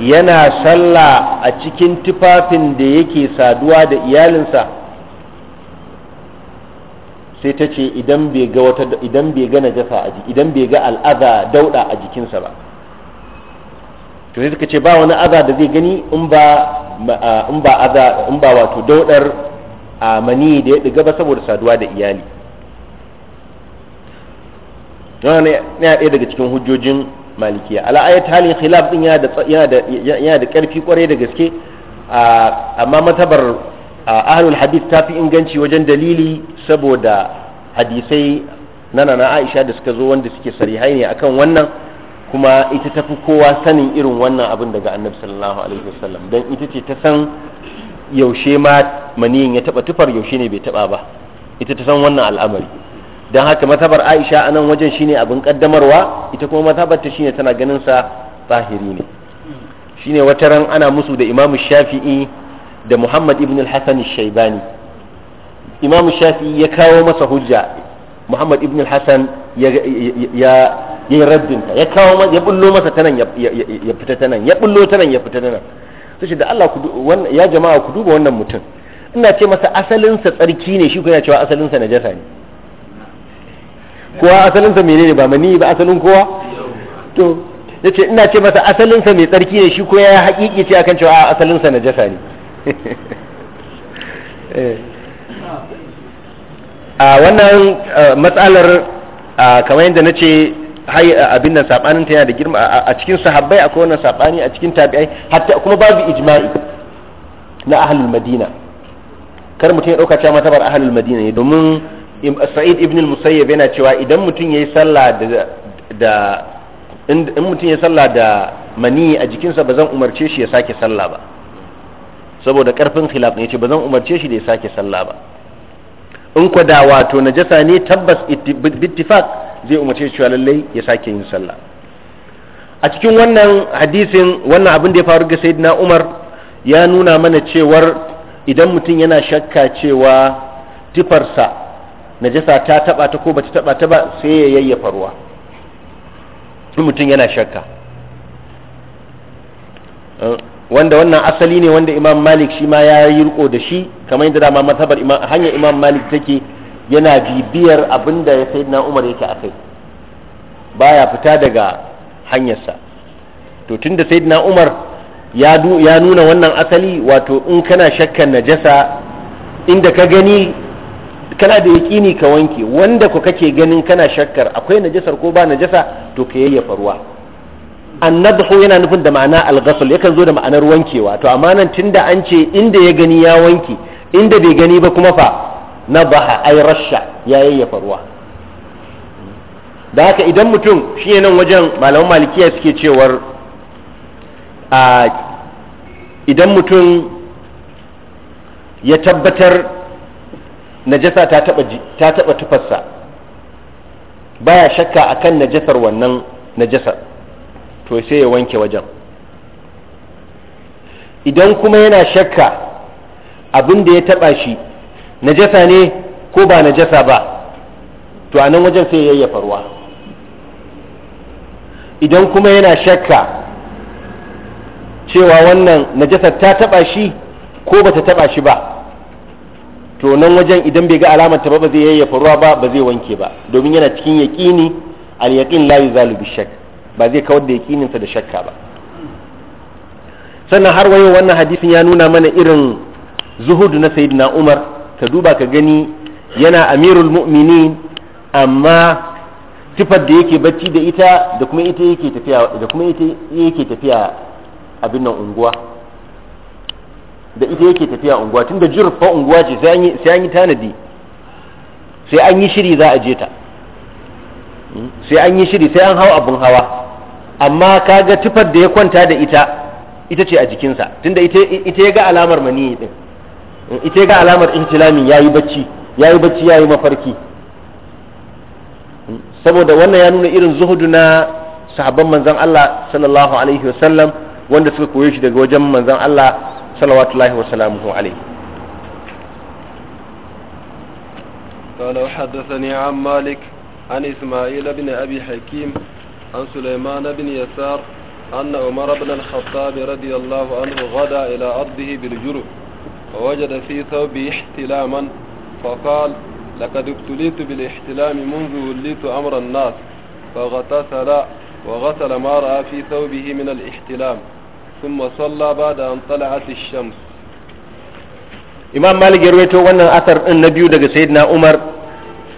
yana sallah a cikin tufafin da yake saduwa da iyalinsa sai ta ce idan bai ga wata idan bai ga najasa a idan bai ga al'aza dauda a jikinsa ba to sai suka ce ba wani aza da zai gani in ba wato daudar mani da ya diga ba saboda saduwa da iyali wannan ne ɗaya daga cikin hujjojin malikiya ala ayat halin khilaf din yana da karfi kwarai da gaske amma matabar ahlul hadith ta fi inganci wajen dalili saboda hadisai na nana Aisha da suka zo wanda suke sarihai ne akan wannan kuma ita ta fi kowa sanin irin wannan abin daga annabi sallallahu alaihi wasallam dan ita ce ta san yaushe ma maniyin ya taba tufar yaushe ne bai taba ba ita ta san wannan al'amari dan haka matabar Aisha a nan wajen shine abin kaddamarwa ita kuma matabar ta shine tana ganin sa zahiri ne shine wata ran ana musu da Imam Shafi'i da Muhammad ibn al-Hasan al-Shaybani Imam Shafi'i ya kawo masa hujja Muhammad ibn al-Hasan ya ya yi raddinta ya kawo ya bullo masa ta nan ya fita ta nan ya bullo ta nan ya fita ta nan sai shi da Allah ku ya jama'a ku duba wannan mutum ina ce masa asalinsa tsarki ne shi ko yana cewa asalinsa najasa ne kowa asalinsa menene ba mani ba asalin kowa to yace ina ce masa asalinsa mai tsarki ne shi ko ya haƙiƙi ce akan cewa asalinsa najasa ne eh. a wannan eh, matsalar ah, kamar yadda na ce abin nan sabanin ta yana da girma a cikin sahabbai akwai wannan sabani a cikin tabi'ai hatta kuma babu ijma'i na ahlul madina kar mutum ya dauka cewa bar ahlul madina ne domin sa'id ibn al-musayyib yana cewa idan mutum yayi sallah da da in mutum ya sallah da mani a jikinsa ba zan umarce shi ya sake sallah ba saboda karfin khilaf ne ce ba zan umarce shi da ya sake sallah ba in da wato najasa ne tabbas bittifaq zai umarce cewa lallai ya sake yin sallah a cikin wannan hadisin wannan abin da ya faru ga sayyidina umar ya nuna mana cewar idan mutum yana shakka cewa tifarsa najasa ta taba ta ko bata taba ta ba sai ya yayyafa ruwa in mutum yana shakka wanda wannan asali ne wanda imam malik shi ma ya yi riko da shi kamar yadda dama mazhabar hanyar imam malik take yana bibiyar abin da ya sayi umar yake a kai baya fita daga hanyarsa to tun da sayi umar ya nuna wannan asali wato in kana shakkan najasa inda ka gani kana da yaƙini ka wanke wanda ku kake ganin kana shakkar akwai najasar ko ba najasa to ka yayyafa ruwa annadhu yana nufin da ma'ana alghasl yakan zo da ma'anar wankewa to amma nan tunda an ce inda ya gani ya wanke inda bai gani ba kuma fa na ay rasha ya yayyafa ruwa da haka idan mutum shi ne nan wajen malaman malikiya suke cewar a idan mutum ya tabbatar najasa ta taba tufarsa baya shakka a akan najasar wannan najasar to sai ya wanke wajen idan kuma yana shakka abin da ya taba shi najasa ne ko ba najasa ba to a nan wajen sai yayyafa ruwa idan kuma yana shakka cewa wannan najasar ta taba shi ko ba ta taba shi ba to nan wajen idan bai ga alamar ta ba ba zai yayyafa ruwa ba ba zai wanke ba domin yana cikin yaƙini al yaqin la yuzalu bi shakk ba zai kawar da yaƙininsa da shakka ba sannan har wayo wannan hadisin ya nuna mana irin zuhudu na sayyidina Umar ka duba ka gani yana amirul mu'minin amma sifar da yake bacci da ita da kuma ita yake tafiya da kuma ita yake tafiya abin nan unguwa da ita yake tafiya unguwa tunda jurfa unguwa ce sai an yi tanadi sai an yi shiri za a je ta hmm? sai an yi shiri sai an hau abun hawa amma kaga tifar da ya kwanta da ita ita ce a jikinsa tunda ita ya ga alamar maniyi din ita ga alamar ihtilami yayi bacci yayi bacci yayi mafarki saboda wannan ya nuna irin zuhudu na sahabban manzon Allah sallallahu alaihi wasallam wanda suka koye shi daga wajen manzon Allah sallallahu wasalamuhu alaihi قال وحدثني عن مالك عن إسماعيل بن أبي حكيم عن سليمان بن يسار أن عمر بن الخطاب رضي الله عنه غدا إلى أرضه بالجرب ووجد في ثوبه احتلاما فقال لقد ابتليت بالاحتلام منذ وليت أمر الناس فغتسل وغسل ما رأى في ثوبه من الاحتلام ثم صلى بعد أن طلعت الشمس إمام مالك يرويته وأن أثر النبي دقى سيدنا عمر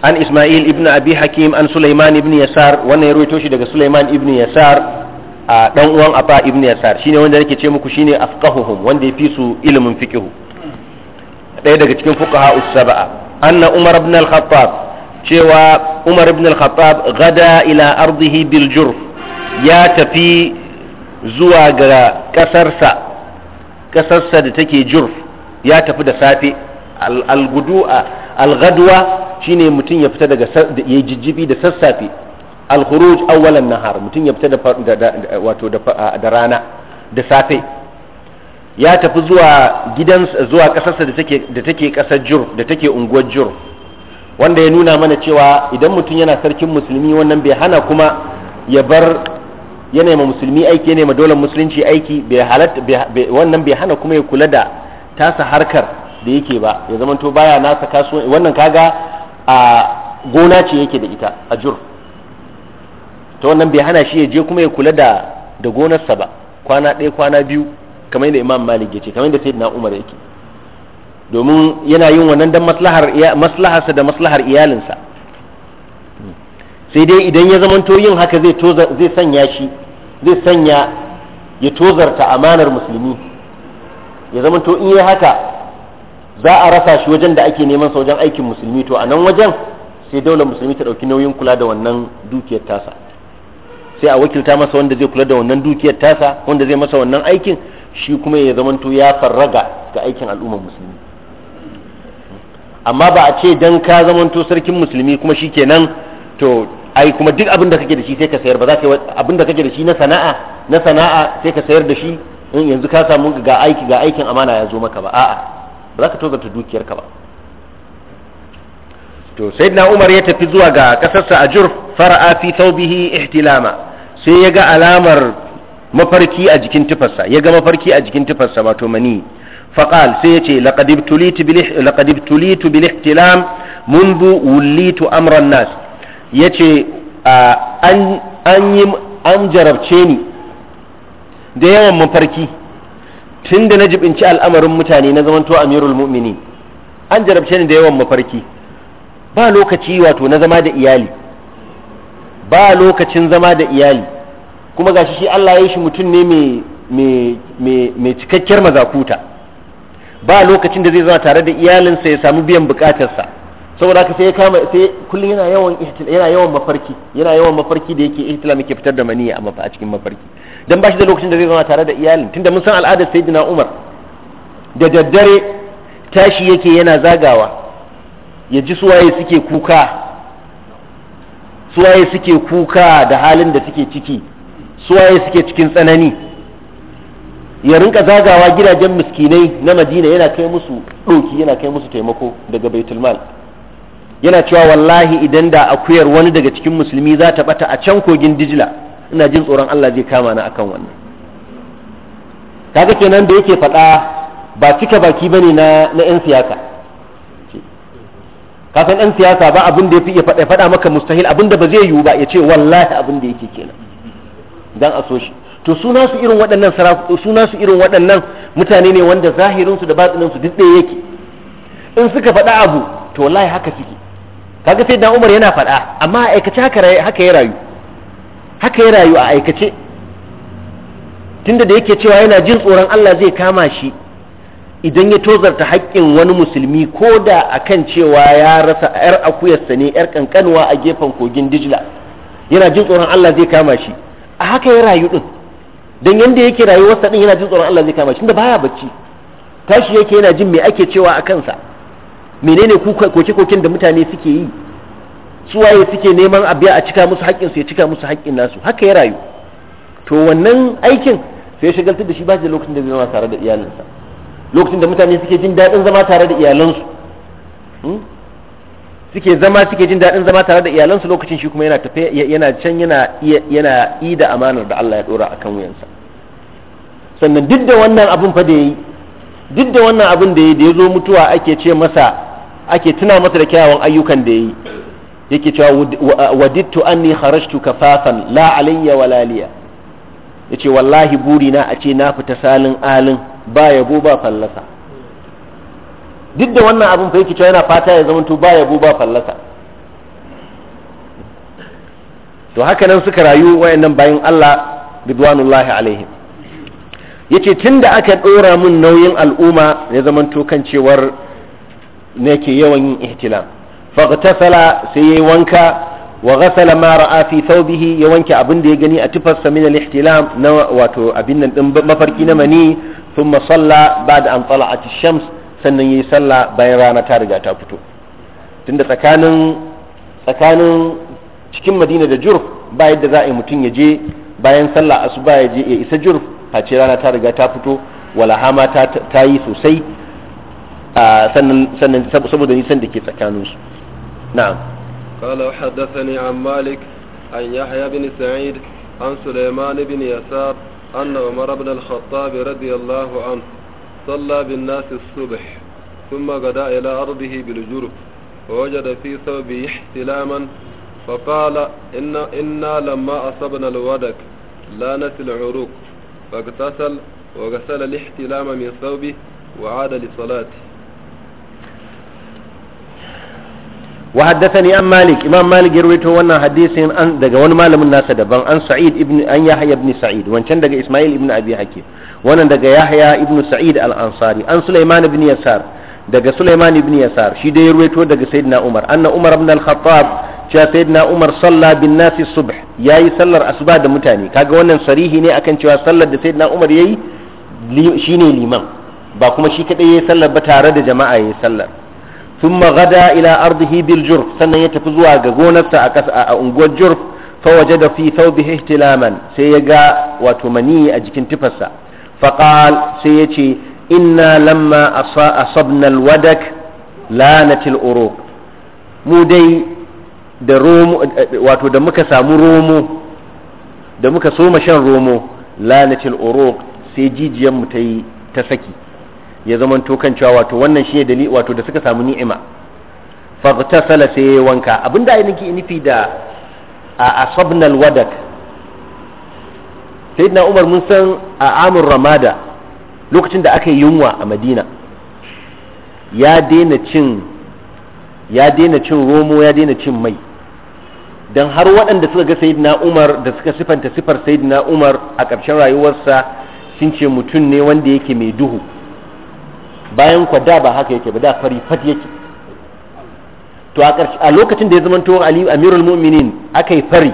عن إسماعيل ابن أبي حكيم عن سليمان ابن يسار وأن يرويته شي سليمان ابن يسار a dan uwan afa ibn yasar shine wanda nake ce muku shine afqahuhum wanda yafi su ilimin fiqhu ɗaya daga cikin fuqaha us anna umar ibn al-khattab cewa umar ibn al-khattab gada ila ardihi bil jurf ya tafi zuwa ga kasarsa kasarsa da take jurf ya tafi da safe al-gudu'a al-gadwa shine mutum ya fita daga ya jijjibi da sassafe al-khuruj awwalan nahar mutum ya fita da wato da rana da safe ya tafi zuwa gidansa zuwa kasarsa da take da take kasar jur da take unguwar jur wanda ya nuna mana cewa idan mutum yana sarkin musulmi wannan bai hana kuma ya bar yana ma musulmi aiki yana ma dolar musulunci aiki bai halatta wannan bai hana kuma ya kula da tasa harkar da yake ba ya zama to baya nasa kasuwanci wannan kaga a gona ce yake da ita a jur to wannan bai hana shi ya je kuma ya kula da da gonarsa ba kwana ɗaya kwana biyu kamar yadda imam malik ya ce kamar yadda sayyidina umar yake domin yana yin wannan dan maslahar maslaharsa da maslahar iyalinsa sai dai idan ya zamanto yin haka zai zai sanya shi zai sanya ya tozarta amanar musulmi ya zamanto in yi haka za a rasa shi wajen da ake neman sa wajen aikin musulmi to a nan wajen sai daular musulmi ta ɗauki nauyin kula da wannan dukiyar tasa sai a wakilta masa wanda zai kula da wannan dukiyar tasa wanda zai masa wannan aikin shi kuma ya zamanto ya farraga ga aikin al'ummar musulmi amma ba a ce dan ka zamanto sarkin musulmi kuma shi kenan to ai kuma duk abin da kake da shi sai ka sayar ba za ka abin da kake da shi na sana'a na sana'a sai ka sayar da shi in yanzu ka samu ga aiki ga aikin amana ya zo maka ba a'a ba za ka tozarta dukiyarka ba to sayyidina Umar ya tafi zuwa ga kasarsa a Jurf fara'a fi thawbihi ihtilama sai ya ga alamar mafarki a jikin tufarsa ya ga mafarki a jikin tufarsa wato mani faqal sai yace laqad ibtulitu bil laqad ibtulitu bil ihtilam mundu wulitu امر nas yace an an yi an jarabce ni da yawan mafarki tunda na jibinci al'amarin mutane na zamanto amirul mu'mini an jarabce ni da yawan mafarki ba lokaci wato na zama da iyali ba lokacin zama da iyali kuma gashi shi Allah ya yi shi mutum ne mai cikakkiyar mazakuta ba lokacin da zai zama tare da iyalinsa ya samu biyan bukatarsa saboda haka sai ya kama sai kullum yana yawan yana yawan mafarki yana yawan mafarki da yake ihtila muke fitar da maniya a a cikin mafarki dan ba shi da lokacin da zai zama tare da iyalin tunda mun san al'adar sayyidina Umar da daddare tashi yake yana zagawa ya ji suwaye suke kuka suwaye suke kuka da halin da suke ciki suwaye suke cikin tsanani ya rinka zagawa gidajen miskinai na madina yana kai musu ɗoki yana kai musu taimako daga baitulmal yana cewa wallahi idan da akuyar wani daga cikin musulmi za ta bata a can kogin dijila ina jin tsoron allah zai kama na akan wannan kaga kenan da yake faɗa ba cika baki bane na na 'yan siyasa kasan 'yan siyasa ba abin da ya fi faɗa maka mustahil abin da ba zai yiwu ba ya ce wallahi abin da yake kenan dan a so shi to suna su irin waɗannan suna su irin waɗannan mutane ne wanda zahirin su da batinin su duk ɗaya yake in suka faɗa abu to wallahi haka suke kaga sai dan Umar yana faɗa amma a aikace haka haka ya rayu haka ya rayu a aikace tunda da yake cewa yana jin tsoron Allah zai kama shi idan ya tozarta haƙƙin wani musulmi ko da a kan cewa ya rasa 'yar akuyarsa ne 'yar kankanwa a gefen kogin dijila yana jin tsoron Allah zai kama shi a haka ya rayu din dan yanda yake rayuwarsa din yana jin tsoron Allah zai kama shi da baya bacci tashi yake yana jin me ake cewa a kansa menene koke-koken da mutane suke yi suwaye suke neman abiya a cika musu haƙƙin su ya cika musu haƙƙin nasu haka ya rayu to wannan aikin sai shagaltar da shi ba da lokacin da zai zama tare da iyalinsa lokacin da mutane suke jin daɗin zama tare da iyalansu hmm? suke zama suke jin daɗin zama tare da iyalansu lokacin shi kuma yana tafe yana can yana yana yi da amanar da Allah ya dora akan wuyansa sannan duk da wannan abin fa da yayi duk da wannan abin da yayi da yazo mutuwa ake ce masa ake tuna masa da kyawawan ayyukan da yayi yake cewa wadittu anni kharajtu kafafan la alayya wala liya yace wallahi burina a ce na fita salin alin ba yabo ba fallasa duk da wannan abin fa yake cewa yana fata ya zama to ba yabo ba fallasa to haka nan suka rayu wayannan bayin Allah bidwanullahi alaihim yace tunda aka dora mun nauyin al'umma ya zama to kan cewar nake yawan yin ihtilam faghtasala sai yayi wanka wa ghasala ma ra'a fi thawbihi ya wanke abin da ya gani a tufarsa min al-ihtilam na wato abin nan din mafarki na mani thumma salla ba'da an tala'at ash-shams sannan yi sallah bayan rana ta riga ta fito tunda tsakanin tsakanin cikin madina da jurf ba yadda za a yi mutum ya je bayan sallah asuba ya je ya isa jurf face rana ta riga ta fito wala hama ta ta yi sosai sannan saboda nisan da ke tsakaninsu na'am qala hadathani an malik an yahya bin sa'id an sulaiman bin yasar anna umar ibn al-khattab radiyallahu anhu صلى بالناس الصبح ثم غدا إلى أرضه بالجرب ووجد في ثوبه احتلاما فقال إن إنا لما أصبنا الودك نسل العروق فاغتسل وغسل الاحتلام من ثوبه وعاد لصلاته wa haddathani an malik imam malik ya rawaito wannan hadisin an daga wani malamin nasa daban an sa'id ibn an yahya ibn sa'id wancan daga isma'il ibn abi hakim wannan daga yahya ibn sa'id al-ansari an sulaiman ibn yasar daga sulaiman ibn yasar shi da ya rawaito daga sayyidina umar anna umar ibn al-khattab cewa sayyidina umar salla bin nasi subh yayi sallar asuba da mutane kaga wannan sarihi ne akan cewa sallar da sayyidina umar yayi shine liman ba kuma shi kadai yayi sallar ba tare da jama'a yayi sallar thumma gada ila ardihi bil jurf sannan ya tafi zuwa ga gonarsa a kasa a unguwar jurf fawaje da fi thawbihi ihtilaman sai ya ga wato mani a jikin tufarsa fa sai ya ce inna lamma asabna al wadak lanatil uruq mu dai da romo wato da muka samu romo da muka soma shan romo lanatil uruq sai jijiyan mu ta yi ta saki ya zama kan cewa wato wannan shi ne dalili wato da suka samu ni'ima faghtasala sai yayi wanka abinda ai nake nufi da a asabnal wadak sayyidina Umar mun san a amur ramada lokacin da aka yi yunwa a Madina ya daina cin ya daina cin romo ya daina cin mai don har waɗanda suka ga sayyidina umar da suka sifanta sifar sayyidina umar a ƙarshen rayuwarsa sun ce mutum ne wanda yake mai duhu bayan kwa da ba haka yake ba da fari fat yake to a lokacin da ya zama to aliyu Amirul Mu'minin yi fari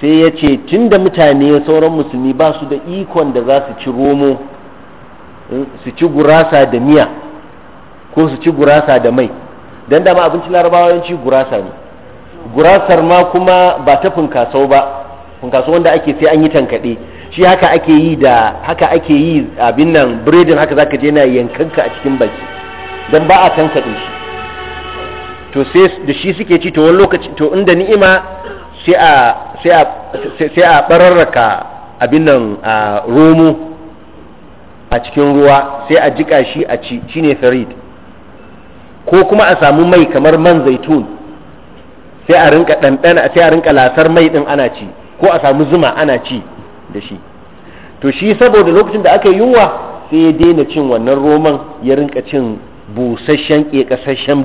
sai ya ce tun da mutane sauran musulmi ba su da ikon da za su ci romo eh, su ci gurasa da miya ko su ci gurasa da mai don dama abincin larabawa yanci gurasa ne gurasar ma kuma ba ta funkasau ba funkaso wanda ake sai an yi tankaɗe shi haka ake yi da haka ake yi abin nan biredin haka zaka je na yankanka a cikin baki don ba a tanka din shi to sai da shi suke ci to wani lokaci to inda ni'ima sai a sai a sai a bararraka abin nan a romo a cikin ruwa sai a jika shi a ci shine farid ko kuma a samu mai kamar man zaitun sai a rinka dandana sai a rinka lasar mai din ana ci ko a samu zuma ana ci da shi to shi saboda lokacin da aka yi yunwa sai ya daina cin wannan roman ya rinka cin busasshen ƙeƙasashen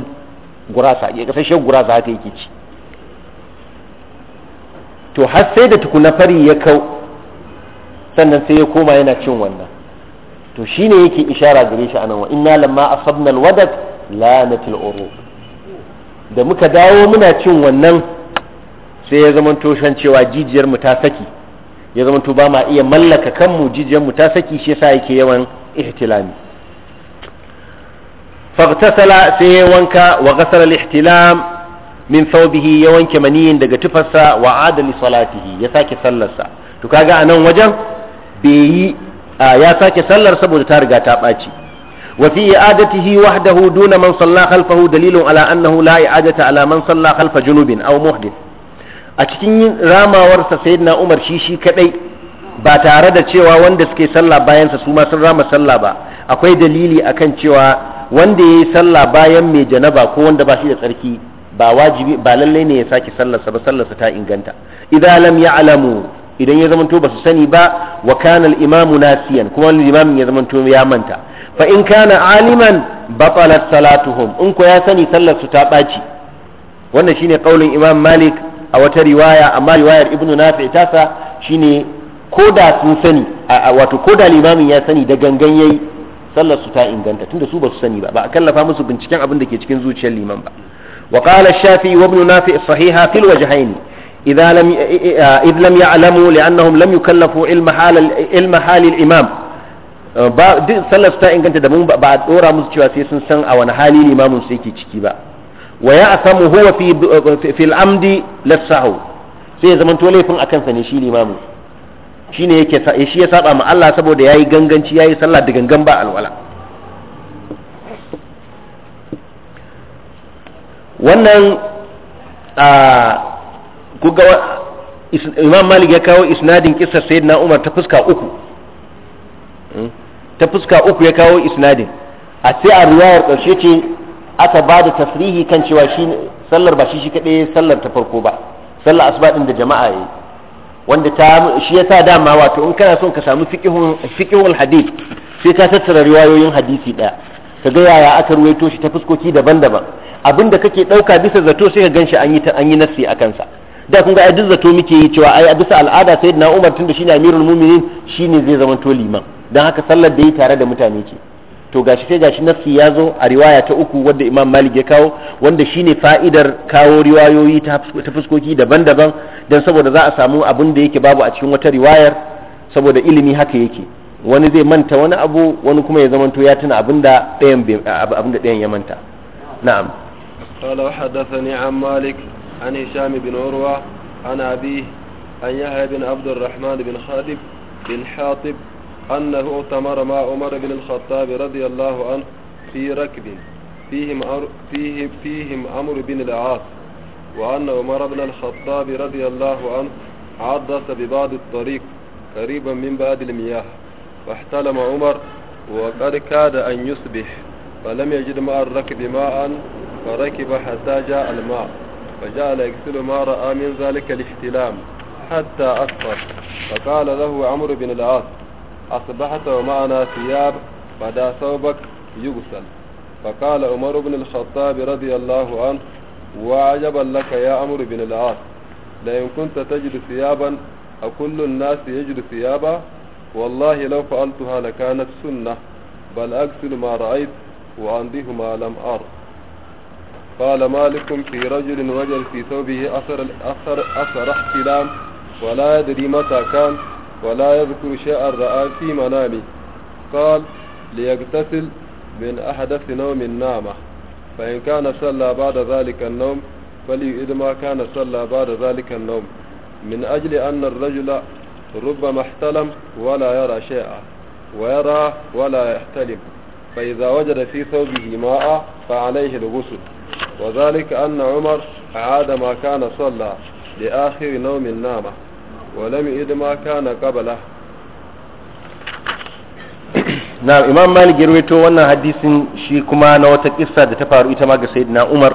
gurasa ƙeƙasashen gurasa haka yake ci to har sai da tukuna fari ya kau sannan sai ya koma yana cin wannan to shi shine yake ishara gare shi anan wa inna lamma wadat la natil uru da muka dawo muna cin wannan sai ya zama toshan cewa jijiyarmu ta saki ya zama to ba ma iya mallaka kanmu mu ta saki shi yasa yake yawan ihtilami faghtasala sai ya wanka wa ghasala al-ihtilam min thawbihi ya wanke maniyin daga tufarsa wa adal salatihi ya sake sallarsa to kaga a wajen bai ya sake sallar saboda ta riga ta baci wa fi i'adatihi wahdahu duna man salla khalfahu dalilun ala annahu la i'adata ala man salla khalfa junubin aw muhdith a cikin yin ramawarsa na umar shi shi kadai ba tare da cewa wanda suke sallah bayansa su ma sun rama sallah ba akwai dalili akan cewa wanda ya yi sallah bayan mai janaba ko wanda ba shi da tsarki ba wajibi ba lallai ne ya sake sallarsa ba sallarsa ta inganta idan lam ya'lamu idan ya zamanto ba su sani ba wa kana al-imamu nasiyan kuma limamin ya zamanto ya manta fa in kana aliman batalat salatuhum in ko ya sani sallar su ta baci wannan shine kaulin imam malik a wata riwaya amma riwayar ibnu nafi tasa shine ko da sun sani wato ko da limamin ya sani da gangan yayi sallar su ta inganta tunda su ba su sani ba ba a kallafa musu binciken abin da ke cikin zuciyar liman ba wa qala shafi wa ibnu nafi sahiha fil wajhain idza lam id lam ya'lamu li'annahum lam yukallafu ilma hal al imam ba sallar su ta inganta da mun ba a dora musu cewa sai sun san a wani hali limamin su ke ciki ba wa ya asamu huwa fi fil amdi lasahu sai ya zama laifin a kansa ne shi limamu shi ne yake shi ya saba ma Allah saboda yayi ganganci yayi sallah da gangan ba alwala wannan a ga imam malik ya kawo isnadin kissar sayyidina umar ta fuska uku hmm? ta fuska uku ya kawo isnadin a sai a ruwayar ƙarshe ce aka ba da tasrihi kan cewa shi sallar ba shi shi kaɗai sallar ta farko ba sallar asuba ɗin da jama'a yi wanda ta shi sa dama wato in kana son ka samu fiqhul hadith sai ka tattara riwayoyin hadisi ɗaya ka ga yaya aka ruwaito shi ta fuskoki daban-daban abin da kake ɗauka bisa zato sai ka ganshi an yi an yi nassi a kansa da kun ga ai duk zato muke yi cewa ai bisa al'ada sayyidina Umar tunda shine amirul mu'minin ne zai zama to liman dan haka sallar da yi tare da mutane ce to gashi sai gashi nafsi ya zo a riwaya ta uku wanda imam malik ya kawo wanda shine fa'idar kawo riwayoyi ta fuskoki daban-daban don saboda za a samu abin da yake babu a cikin wata riwayar saboda ilimi haka yake wani zai manta wani abu wani kuma ya zamanto ya tuna abin da ɗayan ya manta na'am قال حدثني عن an بن أنه اؤتمر مع عمر بن الخطاب رضي الله عنه في ركب فيهم فيه فيهم عمرو بن العاص وأن عمر بن الخطاب رضي الله عنه عدس ببعض الطريق قريبا من بعد المياه فاحتلم عمر وقد كاد أن يصبح فلم يجد مع الركب ماء فركب حتى جاء الماء فجعل يغسل ما رأى من ذلك الاحتلام حتى أسفر فقال له عمرو بن العاص أصبحت ومعنا ثياب بدا ثوبك يغسل فقال عمر بن الخطاب رضي الله عنه وعجبا لك يا عمرو بن العاص لئن كنت تجد ثيابا أكل الناس يجد ثيابا والله لو فعلتها لكانت سنة بل أغسل ما رأيت وعنده ما لم أر قال مالك في رجل وجد في ثوبه أثر, أثر, أثر احتلام ولا يدري متى كان ولا يذكر شيئا رأى في منامه قال ليغتسل من أحدث نوم النامة فإن كان صلى بعد ذلك النوم فليؤد ما كان صلى بعد ذلك النوم من أجل أن الرجل ربما احتلم ولا يرى شيئا ويرى ولا يحتلم فإذا وجد في ثوبه ماء فعليه الغسل وذلك أن عمر عاد ما كان صلى لآخر نوم النامة ولم يد ما كان قبله na imam malik ya rawaito wannan hadisin shi kuma na wata kissa da ta faru ita ma ga sayyidina umar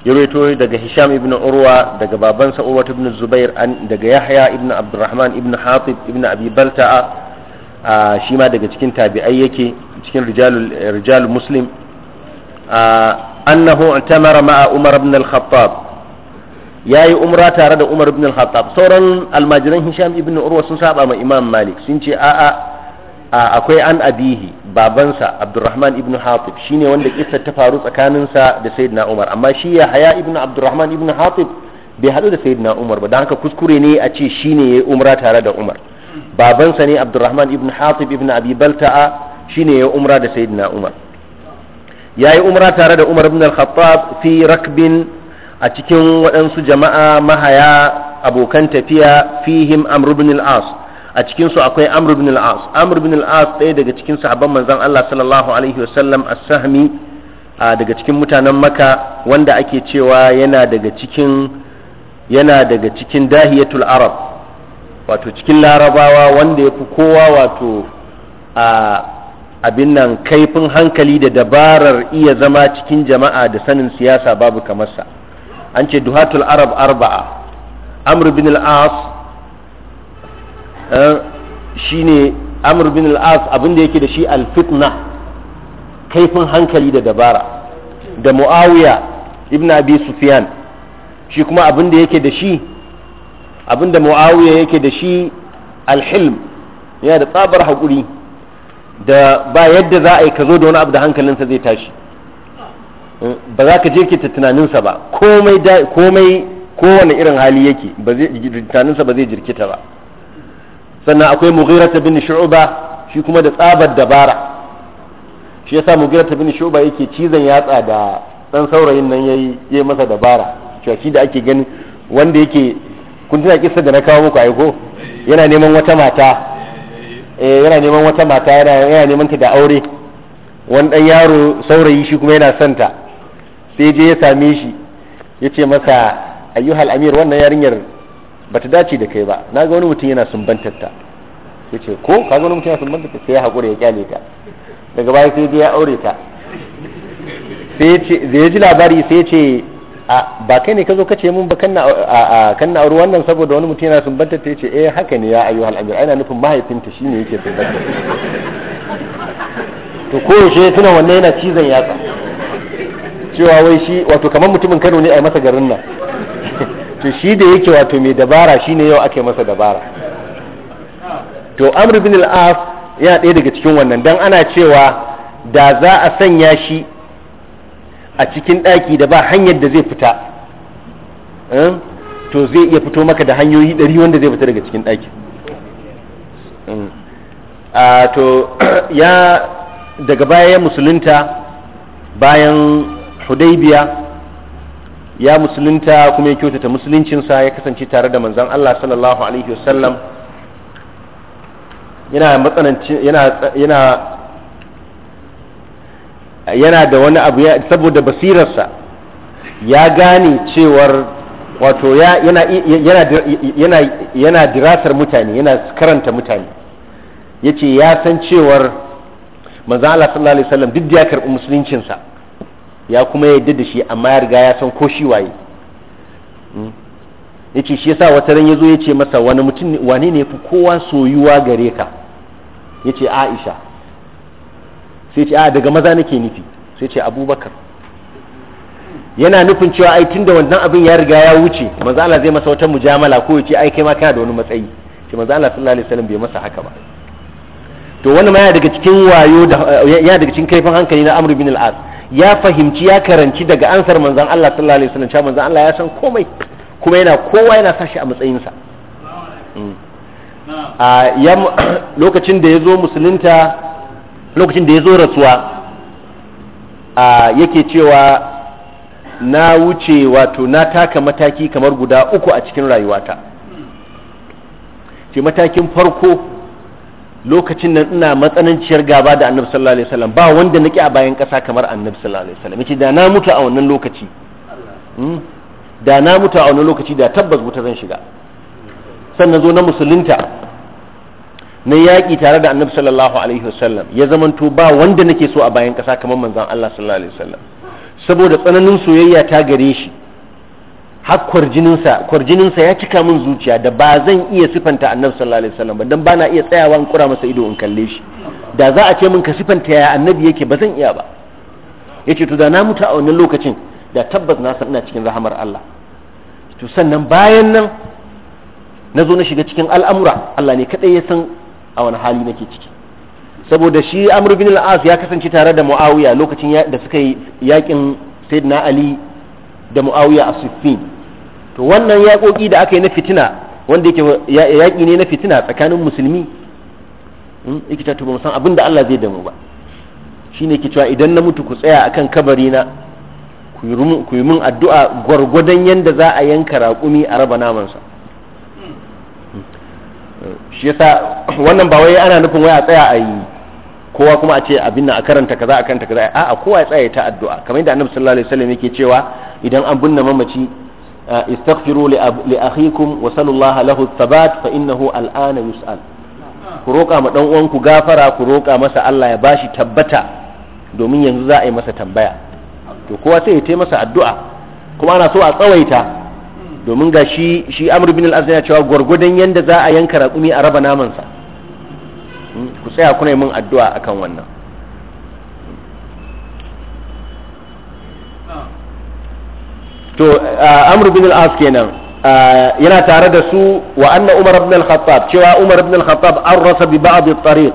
ya daga hisham ibn urwa daga babansa urwa ibn zubair an daga yahya ibn abdurrahman ibn hatib ibn abi balta'a shi ma daga cikin tabi'ai yake cikin rijalul rijalul muslim annahu i'tamara ma'a umar ibn al-khattab yayi umra tare da Umar ibn al-Khattab sauran almajiran Hisham ibn Urwa sun saba ma Imam Malik sun ce a'a akwai an abihi babansa abdurrahman ibn hatib shine wanda kissa ta faru tsakaninsa da sayyidina umar amma shi ya haya ibn abdurrahman ibn hatib bai haɗu da sayyidina umar ba don haka kuskure ne a ce shine yi umra tare da umar babansa ne abdurrahman ibn hatib ibn abi balta'a shine yayi umra da sayyidina umar ya yi umra tare da umar ibn al-khattab fi rakbin a cikin waɗansu jama'a mahaya abokan tafiya fihim amr ibn al-as a cikin su akwai amr ibn al-as amr ibn al-as ɗaya daga cikin sahabban manzon Allah sallallahu alaihi wasallam as-sahmi daga cikin mutanen maka wanda ake cewa yana daga cikin yana daga cikin dahiyatul arab wato cikin larabawa wanda ya fi kowa wato a abin nan kaifin hankali da dabarar iya zama cikin jama'a da sanin siyasa babu kamarsa an ce duhatul arab arba'a amr bin al-as eh, shine amr bin al-as abinda yake da shi al-fitna kaifin hankali da dabara da muawiya ibn abi sufyan shi kuma abinda yake da shi abinda muawiya yake da shi al-hilm yana da tsabar hakuri da ba yadda za a yi ka zo da wani abu da hankalinsa zai tashi ba za ka je ta tunaninsa ba komai komai kowane irin hali yake ba zai tunaninsa ba zai jirkita ba sannan akwai ta bin shu'ba shi kuma da tsabar dabara shi yasa ta bin shu'ba yake cizon yatsa da dan saurayin nan yayi yayi masa dabara cewa shi da ake gani wanda yake kun tuna kissa da na kawo muku aiko yana neman wata mata eh yana neman wata mata yana neman ta da aure wani dan yaro saurayi shi kuma yana son ta sai je ya same shi ya ce masa ayyuhal amir wannan yarinyar ba ta dace da kai ba na ga wani mutum yana sumbantar ta sai ce ko ka ga wani mutum yana sumbantar ta sai ya haƙura ya kyale ta daga baya sai je ya aure ta sai ya ji labari sai ce ba kai ne ka zo ka ce mun ba kan na auri wannan saboda wani mutum yana sumbantar ta ce eh haka ne ya ayyuhal amir ana nufin mahaifinta shine yake sumbantar to ko yaushe tuna wannan yana cizon yatsa cewa wai shi wato kamar mutumin Kano ne a masa garin nan to shi da yake wato mai dabara shine yau aka masa dabara to Amr bin al-As yana ɗaya daga cikin wannan dan ana cewa da za a sanya shi a cikin ɗaki da ba hanyar da zai fita eh, to zai iya fito maka da hanyoyi ɗari wanda zai fita daga cikin ɗaki eh, to ya daga baya ya musulunta bayan hudaybiya ya musulunta kuma ya kyautata musuluncinsa ya kasance tare da manzon Allah sallallahu alaihi wasallam yana matsananci yana yana yana da wani abu saboda basirarsa ya gane cewar wato yana yana yana dirasar mutane yana karanta mutane yace ya san cewar manzon Allah sallallahu alaihi wasallam duk da ya karbi musuluncinsa ya kuma yadda da shi amma ya riga ya san ko shi waye hmm? yace shi yasa wata ran yazo yace masa wani mutum wani ne fi kowa soyuwa gare ka yace Aisha sai ce a daga maza nake nufi sai ce Abubakar yana nufin cewa ai tunda wannan abin ya riga ya wuce manzo Allah zai masa wata mujamala ko yace ai kai ma kana da wani matsayi ce manzo Allah sallallahu alaihi wasallam bai masa haka ba to wani ma ya daga cikin wayo da ya daga cikin kaifin hankali na Amr bin al-As ya fahimci ya karanci daga ansar manzan Allah sallallahu alaihi wasallam manzan Allah ya san komai kuma yana kowa yana sashi a matsayinsa mm. a lokacin da ya zo musulunta lokacin da ya zo rasuwa a yake cewa na wuce wato na taka mataki kamar guda uku a cikin rayuwata ce matakin farko lokacin nan ina matsananciyar gaba da annabi sallallahu alaihi wasallam ba wanda nake a bayan kasa kamar annabi sallallahu alaihi wasallam yace da na mutu a wannan lokaci hmm? da na mutu a wannan lokaci da tabbas wuta zan shiga sannan zo na musulunta na yaƙi tare da annabi sallallahu alaihi wasallam ya zamanto ba wanda nake so a bayan kasa kamar manzon Allah sallallahu alaihi wasallam saboda tsananin soyayya ta gare shi har kwarjininsa kwarjininsa ya cika min zuciya da ba zan iya sifanta annabi sallallahu alaihi wasallam ba dan bana iya tsayawa in kura masa ido in kalle shi da za a ce min ka sifanta ya annabi yake ba zan iya ba yace to da na mutu a wannan lokacin da tabbas na san ina cikin rahamar Allah to sannan bayan nan na zo na shiga cikin al'amura Allah ne kadai ya san a wani hali nake ciki saboda shi Amr bin al-As ya kasance tare da Muawiya lokacin da suka yi yakin Sayyidina Ali da Muawiya a Siffin to wannan yaƙoƙi da aka yi na fitina wanda yake yaƙi ne na fitina tsakanin musulmi hmm, yake ta tuba san abin da Allah zai damu ba shine ke cewa idan na mutu ku tsaya akan kabari na ku yi min addu'a gwargwadon yadda za a yanka raƙumi a raba namansa hmm. shi yasa wannan ba wai ana nufin wai a tsaya a yi kowa kuma a ce abin nan a karanta kaza a karanta kaza a kowa ya tsaya ta addu'a kamar yadda annabi sallallahu alaihi wasallam yake cewa idan an binne mamaci istaghfiru li akhikum wa sallallahu lahu thabat fa innahu al'ana yus'al ku roƙa ma dan uwanku gafara ku roƙa masa Allah ya bashi tabbata domin yanzu za a yi masa tambaya to kowa sai ya taimaka masa addu'a kuma ana so a tsawaita domin ga shi shi Amr cewa gwargwadon yanda za a yanka raƙumi a raba namansa hmm? ku tsaya kuna yi min addu'a akan wannan to amr bin al-as kenan yana tare da su wa anna umar ibn al-khattab cewa umar ibn al-khattab an bi ba'd at-tariq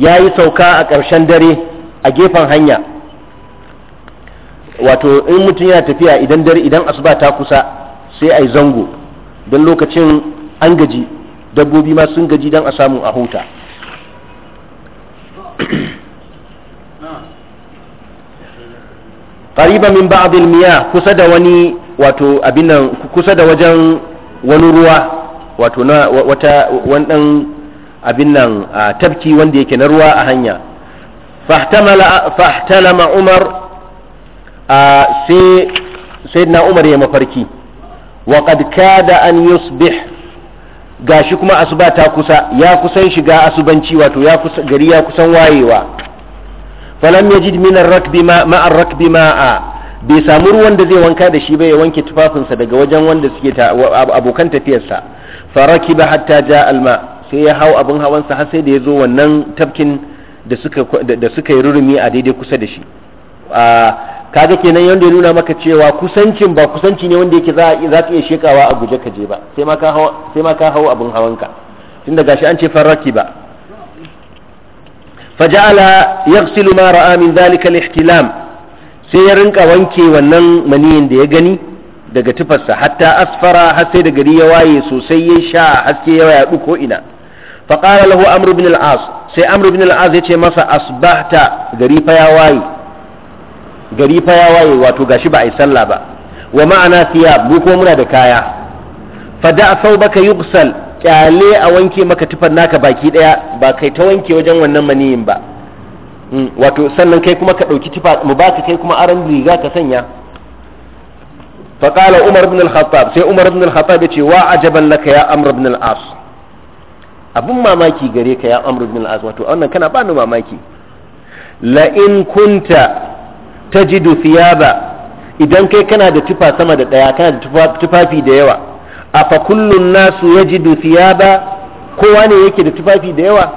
yayi sauka a karshen dare a gefen hanya wato in mutum yana tafiya idan dare idan asuba ta kusa sai ai zango don lokacin an gaji dabbobi ma sun gaji dan a samu a huta qariban min ba'd al-miyah kusa da wani wato abin nan kusa da wajen wani ruwa wato na wata wannan abin nan tabki wanda yake na ruwa a hanya fahtalama umar sai sayyidina umar ya mafarki wa qad kada an yusbih gashi kuma asuba ta kusa ya kusan shiga asubanci wato ya kusa gari ya kusan wayewa falam yajid min ar-rakbi ma ar-rakbi ma'a bai samu ruwan da zai wanka da shi ba ya wanke tufafinsa daga wajen wanda suke abokan tafiyarsa faraki hatta ja alma sai ya hau abin hawansa har sai da ya zo wannan tafkin da suka yi rurumi a daidai kusa da shi kaga kenan yadda ya nuna maka cewa kusancin ba kusanci ne wanda yake za ka iya shekawa a guje ka je ba sai ma ka hau abin hawanka tun da gashi an ce faraki ba faja'ala yaghsilu ma ra'a min dhalika al-ihtilam sai ya rinka wanke wannan maniyin da ya gani daga tufarsa hatta asfara har sai da gari ya waye sosai ya sha haske ya yaɗu ko ina fa qala lahu amr al-as sai amr ibn al-as yace masa asbahta gari fa ya waye gari fa ya waye wato gashi ba ai sallah ba wa ma'ana thiyab mu ko muna da kaya fada yi yughsal kyale a wanke maka tufar naka baki daya ba kai ta wanke wajen wannan maniyin ba hmm, wato sannan kai kuma ka dauki tufa mu baka kai kuma aran riga ka sanya umar sai umar ibn al سي ya ce wa يتي وعجبا ya يا عمرو al العاص abun mamaki gare ka ya amru bin al'az wato wannan kana bani mamaki la in kunta tajidu thiyaba idan kai kana da tufa sama da daya kana da tufafi da yawa afa kullun nasu yajidu thiyaba kowa ne yake da tufafi da yawa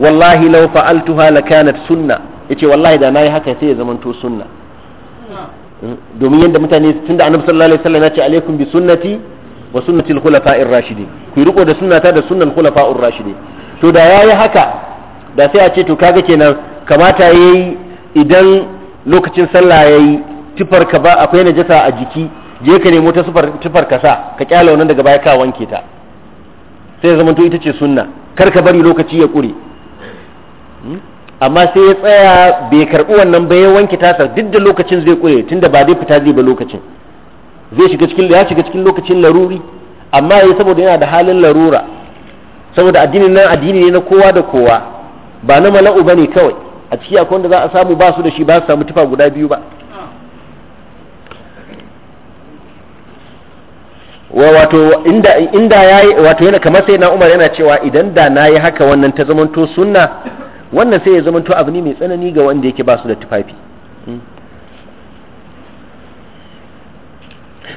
wallahi law fa'altuha kanat sunna yace wallahi da nayi haka sai ya zamanto sunna hmm? domin yadda mutane tunda annabi sallallahu alaihi wasallam yace alaikum bi sunnati wa al khulafa'ir rashidin ku riko da sunnata da sunnan khulafa'ur rashidin to da yayi haka da sai a ce to kaga kenan kamata yayi idan lokacin sallah yayi tufar ka ba akwai najasa a jiki je ka nemo ta tufar ka sa ka kyala wannan daga baya ka wanke ta sai ya zamanto ita ce sunna kar ka bari lokaci ya kure hmm? amma sai ya tsaya bai karbi wannan ba ya wanke tasa duk da lokacin zai kure tunda ba zai fita zai ba lokacin zai shiga cikin ya shiga cikin lokacin laruri amma yayi saboda yana da halin larura saboda addinin nan addini ne na kowa da kowa ba na mala'u bane kawai a ciki akwai wanda za a samu ba su da shi ba su samu tufa guda biyu ba wa wato inda inda yayi wato yana kamar sai na Umar yana cewa idan da nayi haka wannan ta zamanto sunna wannan sai ya to abu ne mai tsanani ga wanda yake ba su da tufafi hmm.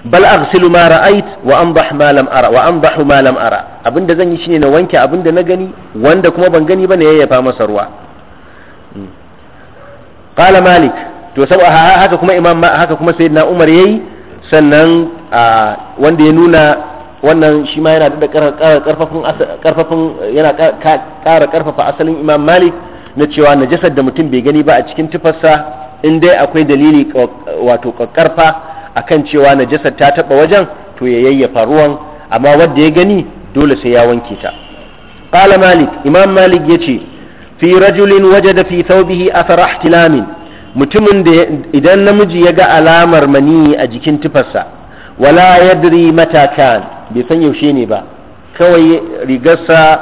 bal aghsilu ma ra'ait wa andah ma lam ara wa andahu ma lam ara abinda zan yi shine na wanke abinda na gani wanda kuma ban gani bane yayyafa masa ruwa hmm. qala malik to saboda haka kuma imam haka kuma sayyidina umar yayi sannan wanda ya nuna wannan shi ma yana da karfafin yana kara karfafa asalin imam malik na cewa najasar da mutum bai gani ba a cikin tufarsa in dai akwai dalili wato a kan cewa najasar ta taɓa wajen to ya yayyafa ruwan amma wanda ya gani dole sai ya wanke ta kala malik imam malik yace fi rajulin da fi a athara mutumin da idan namiji ya ga alamar maniyi a jikin tufarsa wala yadri mata matakan bai san yaushe ne ba kawai rigarsa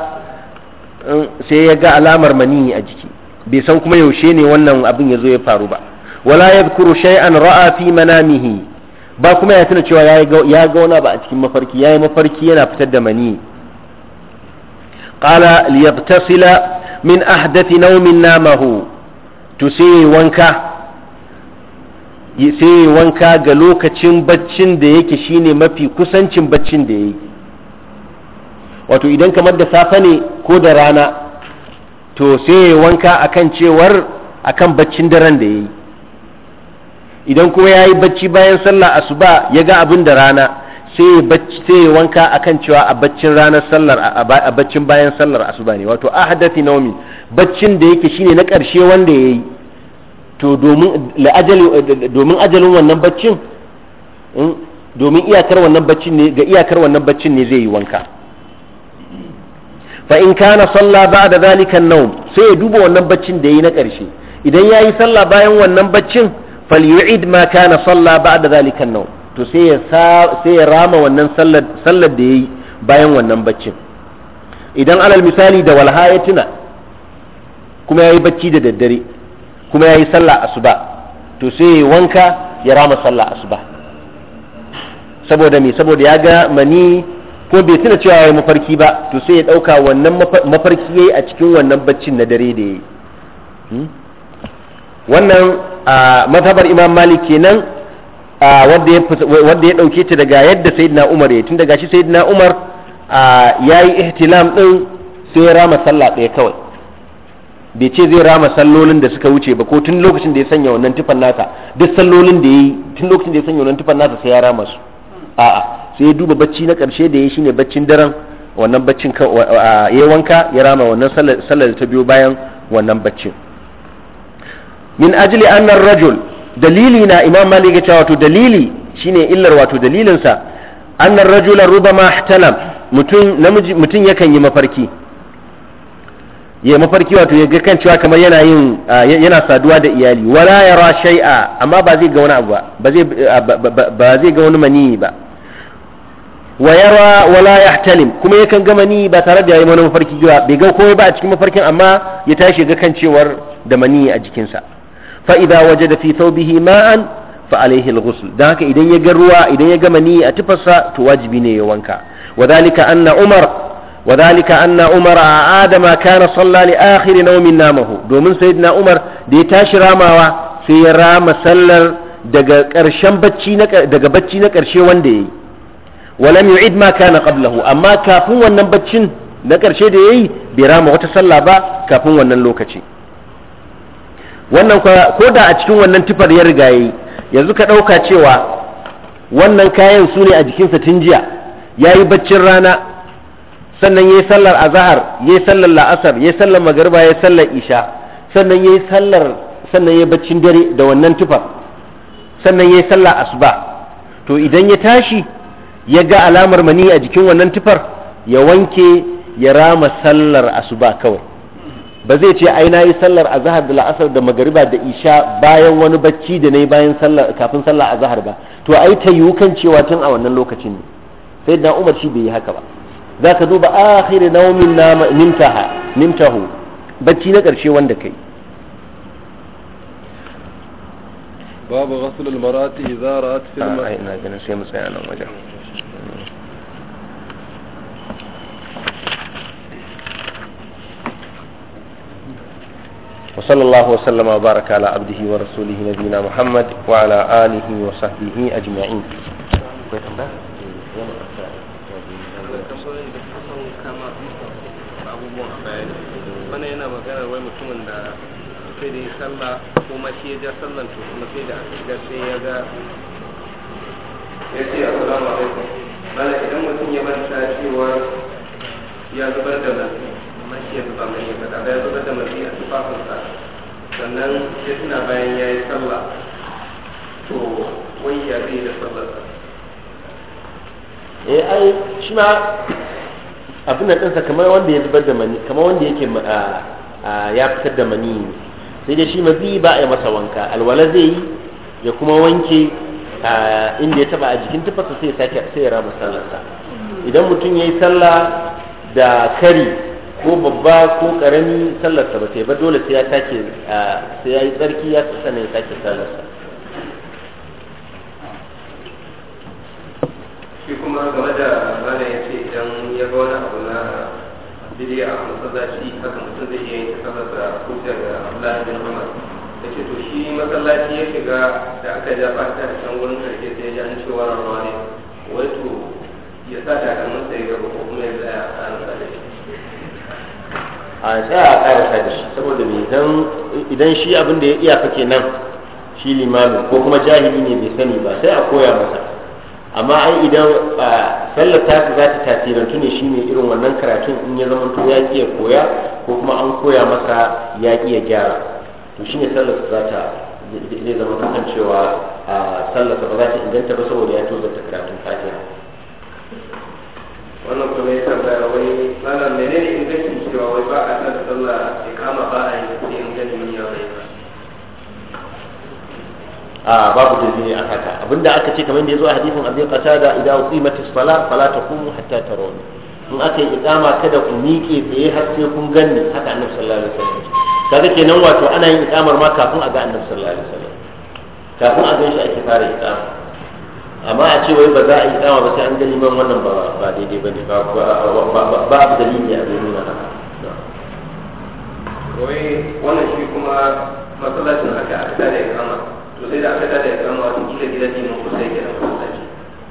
um, sai ya ga alamar maniyi a jiki bai san kuma yaushe ne wannan abin ya zo ya faru ba wala kuro shay'an ra'a fi manamihi ba kuma ya tuna cewa ya ga wani ba a cikin mafarki yayi mafarki yana fitar da mani qala liyabtasila min ahdathi nawmin namahu to sai yi wanka sai yi wanka ga lokacin baccin da yake shine mafi kusancin baccin da ya yi, wato idan kamar da safe ne ko da rana to sai yi wanka akan cewar akan baccin daren da ya yi, idan kuma ya yi bacci bayan sallah asuba ya ga abin da rana sai ya wanka akan cewa a baccin ranar sallar a baccin bayan sallar asuba ne wato ahadati naumi baccin da yake shine na ƙarshe wanda yayi to domin domin ajalin wannan baccin hmm, domin iyakar wannan baccin ne ga iyakar wannan baccin ne zai yi wanka fa in kana salla ba'da zalika an-nawm sai ya duba wannan baccin da yayi na ƙarshe idan yayi sallah bayan wannan baccin yu'id ma kana salla ba'da zalika an-nawm to sai ya sai ya rama wannan sallar sallar da yayi bayan wannan baccin idan alal misali da walha ya tuna kuma yayi bacci da daddare kuma yayi sallah asuba to sai ya wanka ya rama sallah asuba saboda me saboda ya ga mani ko bai tuna cewa yayi mafarki ba to sai ya dauka wannan mafarki yayi a cikin wannan baccin na dare da yayi hmm? wannan a mazhabar imam malik kenan wanda ya dauke ta daga yadda sayyidina Umar ya tun daga shi sayyidina Umar ya yi ihtilam din sai ya rama sallah ɗaya kawai bai ce zai rama sallolin da suka wuce ba ko tun lokacin da ya sanya wannan tufan nasa duk sallolin da ya yi tun lokacin da ya sanya wannan tufan nasa sai ya rama su a'a sai ya duba bacci na karshe da ya shine baccin daren wannan baccin ya wanka ya rama wannan sallar da ta biyo bayan wannan baccin min ajli annar rajul dalili na imam malik ya ce wato dalili shine illar wato dalilinsa annar rajulan rubama ihtalam mutum namiji mutum yakan yi mafarki ya mafarki wato ya ga kan cewa kamar yana yin yana saduwa da iyali wala yara shay'a amma ba zai ga wani abu ba ba zai ba zai ga wani mani ba wa yara wala yahtalim kuma yakan ga mani ba tare da yayi wani mafarki ba bai ga komai ba a cikin mafarkin amma ya tashi ga kan cewar da mani a jikinsa fa'ida waje wajada fi thawbihi ma'an fa alayhi al-ghusl dan haka idan ya ga ruwa idan ya ga mani a tufarsa to wajibi ne ya wanka wadhalika anna umar wadhalika anna umar a adama kana salla li akhir nawmin namahu domin na umar da ya tashi ramawa sai ya rama sallar daga bacci na karshe bacci na ƙarshe wanda yayi walam yu'id ma kana qablahu amma kafin wannan baccin na karshe da yayi bai rama wata sallah ba kafin wannan lokaci wannan ko da a cikin wannan tufar ya riga yi yanzu ka ɗauka cewa wannan kayan su ne a jikinsa tun jiya ya yi baccin rana sannan ya yi sallar azahar ya yi sallar la'asar ya yi sallar magarba ya yi sallar isha sannan ya yi sallar sannan ya yi baccin dare da wannan tufar sannan ya yi sallar asuba to idan ya tashi ya ga alamar mani a jikin wannan tufar ya wanke ya rama sallar asuba kawai ba zai ce ai nayi sallar azhar da la'asar da magariba da isha bayan wani bacci da nayi bayan sallar kafin sallar azhar ba to ai ta yiwu kan cewa tun a wannan lokacin ne sai da Umar shi bai yi haka ba za ka duba akhir nawmin nimtaha nimtahu bacci na karshe wanda kai babu al marati idza ra'at fil ma'a ina ganin sai mu tsaya nan wajen وصلى الله وسلم وبارك على عبده ورسوله نبينا محمد وعلى آله وصحبه أجمعين wannan yana magana wai mutumin da sai da ya sallah ko ma ya ja sallan to kuma sai da aka sai ya ga ya ce assalamu alaikum bala idan mutum ya manta cewa ya zubar da lafiya mashiyar ba mai ya fada bayan zubar da mazi a tufafinsa sannan sai suna bayan ya yi sallah to wai ya zai da sallarsa eh ai shi ma abin da ɗansa kamar wanda ya zubar da mani kamar wanda yake ya fitar da mani sai dai shi mazi ba a yi masa wanka alwala zai yi ya kuma wanke inda ya taba a jikin tufarsa sai ya sake sai ya rama sallarsa idan mutum ya yi sallah da kari ko babba ko karami sallarsa ba sai ba dole sai ya take sai ya yi tsarki ya sana ya take sallarsa shi kuma game da mana ya ce idan ya ga wani abu na bidiya a shi haka mutum zai iya yin sallarsa ko daga Abdullahi bin da ce to shi masallaci ya shiga da aka ja ta a can wurin karfe sai ya ji an ce wannan ruwa ne wai to a tsaya a ƙarasa da shi saboda bai san idan shi abin da ya iya kake nan shi limamin ko kuma jahili ne bai sani ba sai a koya masa amma ai idan sallar ta za ta tasirantu ne shi ne irin wannan karatun in ya zama to ya iya koya ko kuma an koya masa ya iya gyara to shine sallar za ta zai zama kasancewa sallar ba za ta inganta ba saboda ya tozarta karatun fatiha wannan kuma ya tambaya wai ne menene ingancin cewa wai ba a san sallah kama ba a yi sai in gani niyya bai a babu dalili a haka abinda aka ce kamar da zo a hadisin kasa da idan qimat as-salat fala taqumu hatta tarawni in aka yi iqama kada ku miƙe tsaye har sai kun ganni haka annabi sallallahu alaihi wasallam kaga kenan wato ana yin ikamar ma kafin a ga annabi sallallahu alaihi wasallam kafin a gan shi ake fara ikama amma a ce wai ba za a yi tsawa ba sai an gani liman wannan ba ba daidai ba ne ba a ba ba zai nuna haka wai wannan shi kuma masallacin aka aka tada ya to sai da aka tada ya kama wato kila gidan liman ko sai gidan masallaci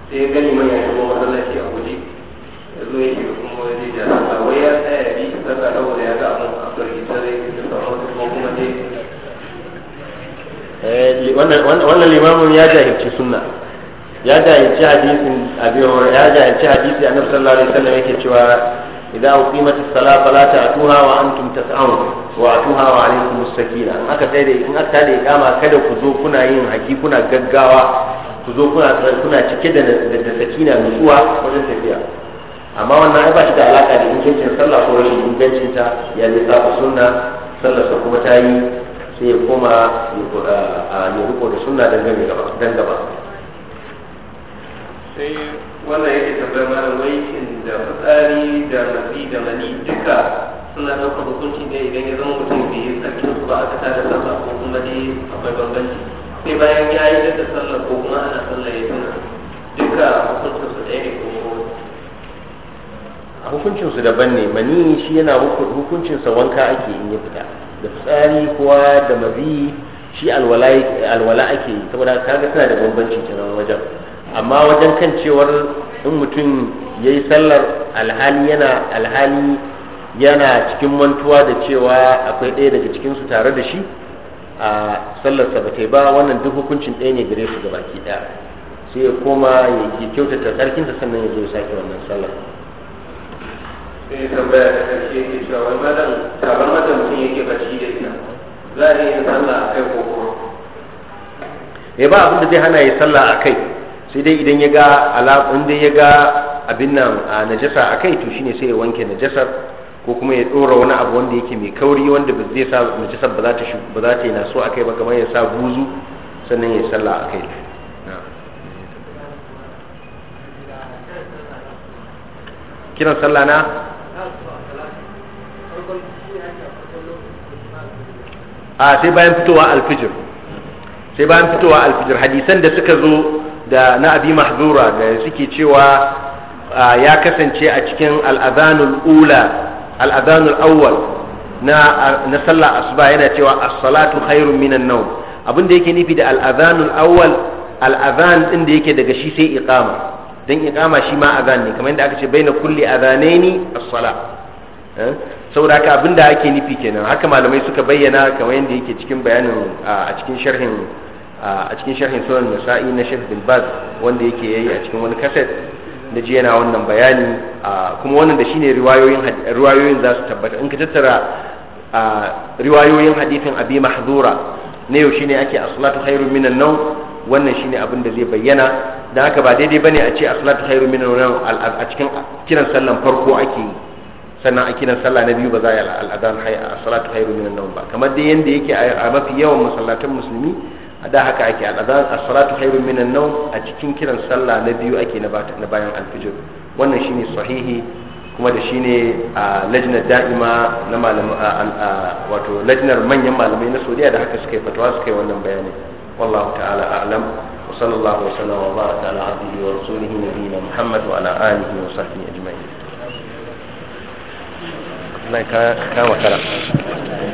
sai ya gani mai ya shigo masallaci a guje ya zo ya shiga kuma waje da sallah wai ya tsaya ya bi sallah saboda ya ga abin a firgita zai da sauran kuma kuma dai eh, wannan limamin ya jahilci sunna ya jahilci hadisin abiyo ya jahilci hadisi annabi sallallahu alaihi wasallam yake cewa idza uqimatis salat fala ta'tuha wa antum tas'un wa atuha wa alaykum as-sakina in aka sai da in aka da ikama kada ku zo kuna yin haki kuna gaggawa ku zo kuna kuna cike da da sakina nutsuwa wajen tafiya amma wannan ai ba shi da alaka da ingancin sallah ko rashin ingancin ta ya lissafa sunna sallar sa kuma ta yi sai ya koma ya ruko da sunna dangane gaba dan gaba sai wannan yake tambayar mana waikin da fitsari da mafi da mani duka suna ɗaukar hukunci ne idan ya zama mutum bai yi tsarkin su ba a kasa da sallah ko kuma dai akwai bambanci sai bayan ya yi da sallah ko kuma ana sallah ya tuna duka hukuncin su ɗaya ne ko hukuncin su daban ne mani shi yana hukuncin sa wanka ake in ya fita da fitsari kuwa da mazi shi alwala ake yi saboda kaga tana da bambancin kenan wajen amma wajen kan cewar in mutum ya yi sallar alhali yana alhali yana cikin mantuwa da cewa akwai ɗaya daga cikinsu tare da shi a sallarsa ba ta ba wannan duk hukuncin ɗaya ne gare su ga baki ɗaya sai ya koma ya kyautata tsarkinsa sannan ya zo ya sake wannan sallar sai tambaya ta karshe ke cewa wai malam tabar mutum yake bacci da ita za a iya sallah a kai ko ko eh, ba abin da zai hana ya sallah a kai sai dai idan ya ga alaƙun dai ya ga abin nan a najasa a kai to shine sai ya wanke najasar ko kuma ya ɗora wani abu wanda yake mai kauri wanda ba zai sa najasar ba za ta ba za ta yi naso a kai ba kamar ya sa guzu sannan ya sallah a kai kiran sallah na a sai bayan fitowa alfijir sai bayan fitowa alfijir hadisan da suka zo da na abi mahzura da suke cewa ya kasance a cikin al'adhanul ula al'adhanul awwal na na sallah asuba yana cewa as-salatu khairun minan nawm abin da yake nufi da al'adhanul awwal al'adhan din da yake daga shi sai iqama dan iqama shi ma adhan ne kamar yadda aka ce baina kulli adhanaini as-sala eh? saboda haka abin da ake nufi kenan haka malamai suka bayyana kamar yadda yake cikin bayanin a cikin sharhin a cikin shahin sunan nasa'i na Sheikh Bilbaz wanda yake yayi a cikin wani kaset na ji yana wannan bayani kuma wannan da shine riwayoyin riwayoyin za su tabbata in ka tattara riwayoyin hadisin abi mahdura na yau shine ake aslatu salatu minan nawm wannan shine abin da zai bayyana dan haka ba daidai bane a ce aslatu salatu minan nawm a cikin kiran sallan farko ake sannan a kiran sallah na biyu ba za a yi al'adar salatu khairu minan nan ba kamar dai yanda yake a mafi yawan masallatan musulmi da haka ake al'azan as-salatu khairun minan nawm a cikin kiran sallah na biyu ake na bayan alfijir wannan shine sahihi kuma da shine a lajnar da'ima na malamin wato lajnar manyan malamai na Saudiya da haka suka yi fatawa suka yi wannan bayani wallahu ta'ala a'lam wa sallallahu wa sallam wa baraka ala abdihi wa rasulihi nabiyina Muhammad wa ala alihi wa sahbihi ajma'in Allah ka ka makara